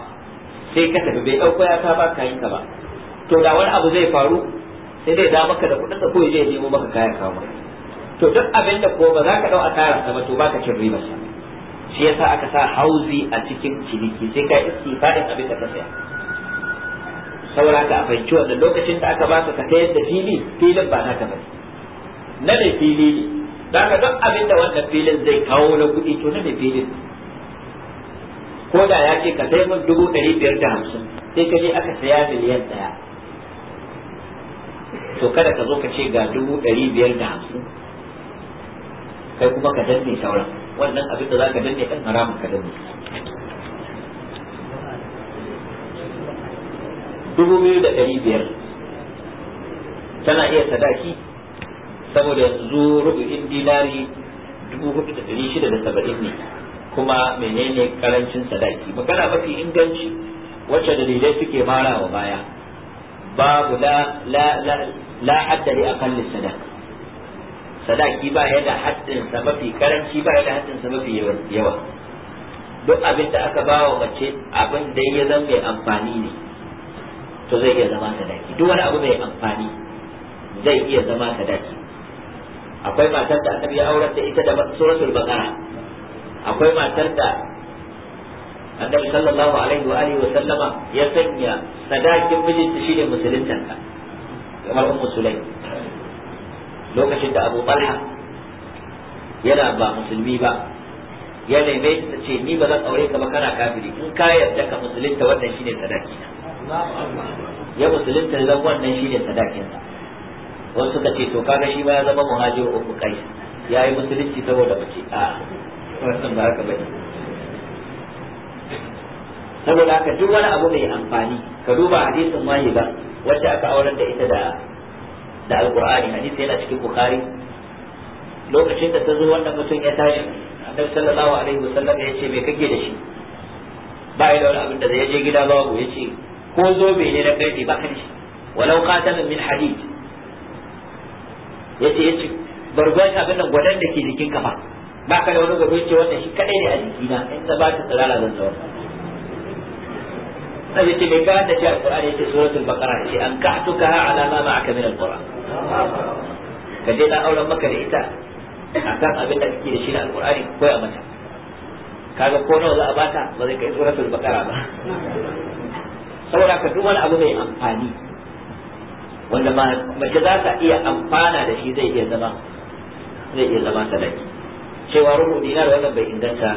sai ka tafi bai dauko ya ta ba kayan ka ba to da wani abu zai faru sai zai da maka da kudin ko ya nemo maka kayan kama to duk abin da ko ba za ka dau asara sa ba to baka cin riba sa shi yasa aka sa hauzi a cikin ciniki sai ka fadin abin da ka saya saboda ka fahimci wanda lokacin da aka baka ka kai da fili filin ba naka ba na ne fili ne da ka duk abin da wannan filin zai kawo na kudi to na ne filin ko da ya ce ka sai mun dubu ɗari biyar da hamsin sai ka je aka saya miliyan ɗaya to kada ka zo ka ce ga dubu ɗari biyar da hamsin kai kuma ka danne sauran wannan abin da za ka danne ɗan haramun ka danne dubu biyu da ɗari biyar tana iya sadaki saboda yanzu rubu'in dinari dubu hudu da ɗari shida da saba'in ne kuma menene karancin sadaki magana mafi inganci wacce daidai suke marawa baya babu la la la hadda li aqalli sadaq sadaki ba ya da haddin sa mafi karanci ba ya da haddin sa mafi yawa duk abin da aka bawa mace abin da ya zama mai amfani ne to zai iya zama sadaki duk wani abu mai amfani zai iya zama sadaki akwai matar da annabi ya aurar da ita da suratul baqara akwai matar da annabi sallallahu alaihi wa alihi wa sallama ya sanya sadakin mijinta shine musulunta kamar ummu sulaim lokacin da abu talha yana ba musulmi ba ya neme ta ce ni ba zan aure ka ba kana kafiri in ka yarda ka musulunta wannan shine sadaki ya musulunta zan wannan shine sadakin sa wasu suka ce to kaga shi ba ya zama muhajir ummu kai yayi musulunci saboda mace a wannan ba haka bane saboda haka duk wani abu mai amfani ka duba hadisin ba wacce aka auren da ita da da alqur'ani hadisi yana cikin bukhari lokacin da ta zo wannan mutum ya tashi annabi sallallahu alaihi wasallam ya ce me kake da shi ba ya da wani abin da zai je gida babu ya ce ko zobe ne na karfe ba kan shi walau qatalan min hadid yace yace barbai abin nan gwadan da ke jikin ka ba ba ka da wani gado ce wannan shi kadai ne a jikina in ta ba ta tsara zan tsawon sai yace bai bayan da shi alqur'ani yace suratul baqara yace an kahtuka ala ma ma'aka min alqur'an ka je na auren maka da ita akan abin da kake da shi na alqur'ani a mata kaga ko nawa za a bata ba zai kai suratul baqara ba saboda ka duk wani abu mai amfani wanda mace za ta iya amfana da shi zai iya zama zai iya zama sadaki cewa rubu dinar wannan bai inganta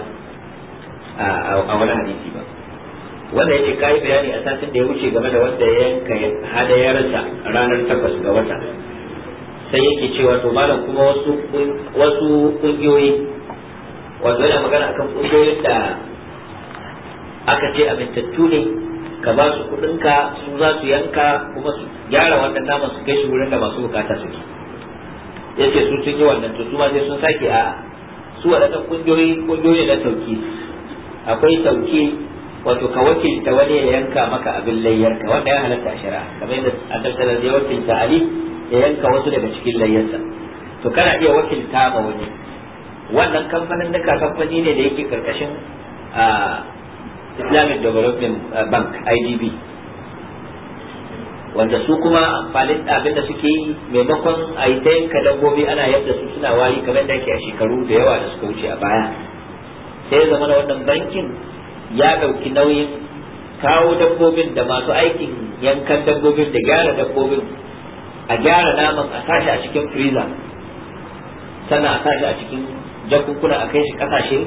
a wani hadisi ba wanda yake kai bayani a satin da ya wuce game da wanda ya yanka hadayarsa ranar takwas ga wata sai yake cewa to malam kuma wasu wasu kungiyoyi wato yana magana akan kungiyoyin da aka ce abin ne ka ba su kudin ka su za su yanka kuma su gyara wannan naman su kai shi wurin da masu bukata suke yace su sun yi wannan to su ma sai sun sake a su wadannan kungiyoyi kungiyoyi na tauki akwai tauki wato ka wakilta wani ya yanka maka abin layyarka wanda ya halatta a shari'a kamar yadda annabi ya wakilta ali ya yanka wasu daga cikin layyarsa to kana iya wakilta ma wani wannan kamfanin duka kamfani ne da yake karkashin Islamic Development Bank IDB wanda su kuma amfanin abin da suke yi maimakon a yi ta yanka dabbobi ana yadda su suna wari kamar da ke a shekaru da yawa da suka wuce a baya sai zama na wannan bankin ya ɗauki nauyin kawo dabbobin da masu aikin yankan dabbobin da gyara dabbobin a gyara naman a sashi a cikin freezer sannan a sashi a cikin jakunkuna a kai shi kasashe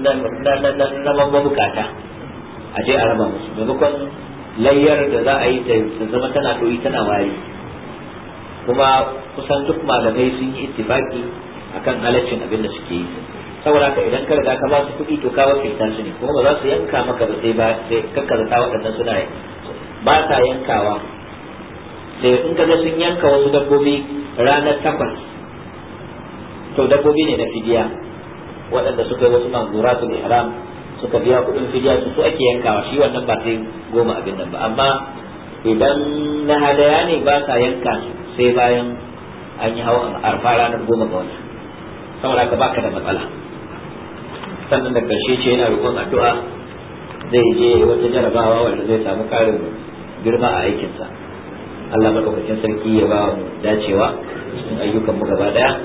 na mabukata a je a raba musu maimakon layyar da za a yi ta zama tana ɗoyi tana wari kuma kusan duk malamai sun yi ittifaki akan halaccin abin da suke yi saboda ka idan ka riga ka ba su kuɗi to ka fita su ne kuma ba za su yanka maka ba sai ba sai kakkarta waɗannan suna yi ba sa yankawa sai in ka ga sun yanka wasu dabbobi ranar takwas to dabbobi ne na fidiya waɗanda suka yi wasu su ne haram suka biya kuɗin fidiya su su ake yankawa shi wannan ba sai goma abin nan ba amma idan na hadaya ne ba sa yanka sai bayan an yi hawa arfa ranar goma ga wata saboda ka baka da matsala sannan da karshe ce yana rukun addu'a zai je wata jarabawa wanda zai samu ƙarin girma a aikinsa Allah madaukakin sarki ya ba mu dacewa cikin ayyukan mu gaba daya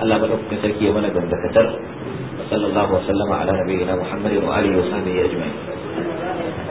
Allah madaukakin sarki ya mana gamdakatar sallallahu alaihi wa sallama ala nabiyina Muhammadin wa alihi wa sahbihi ajma'in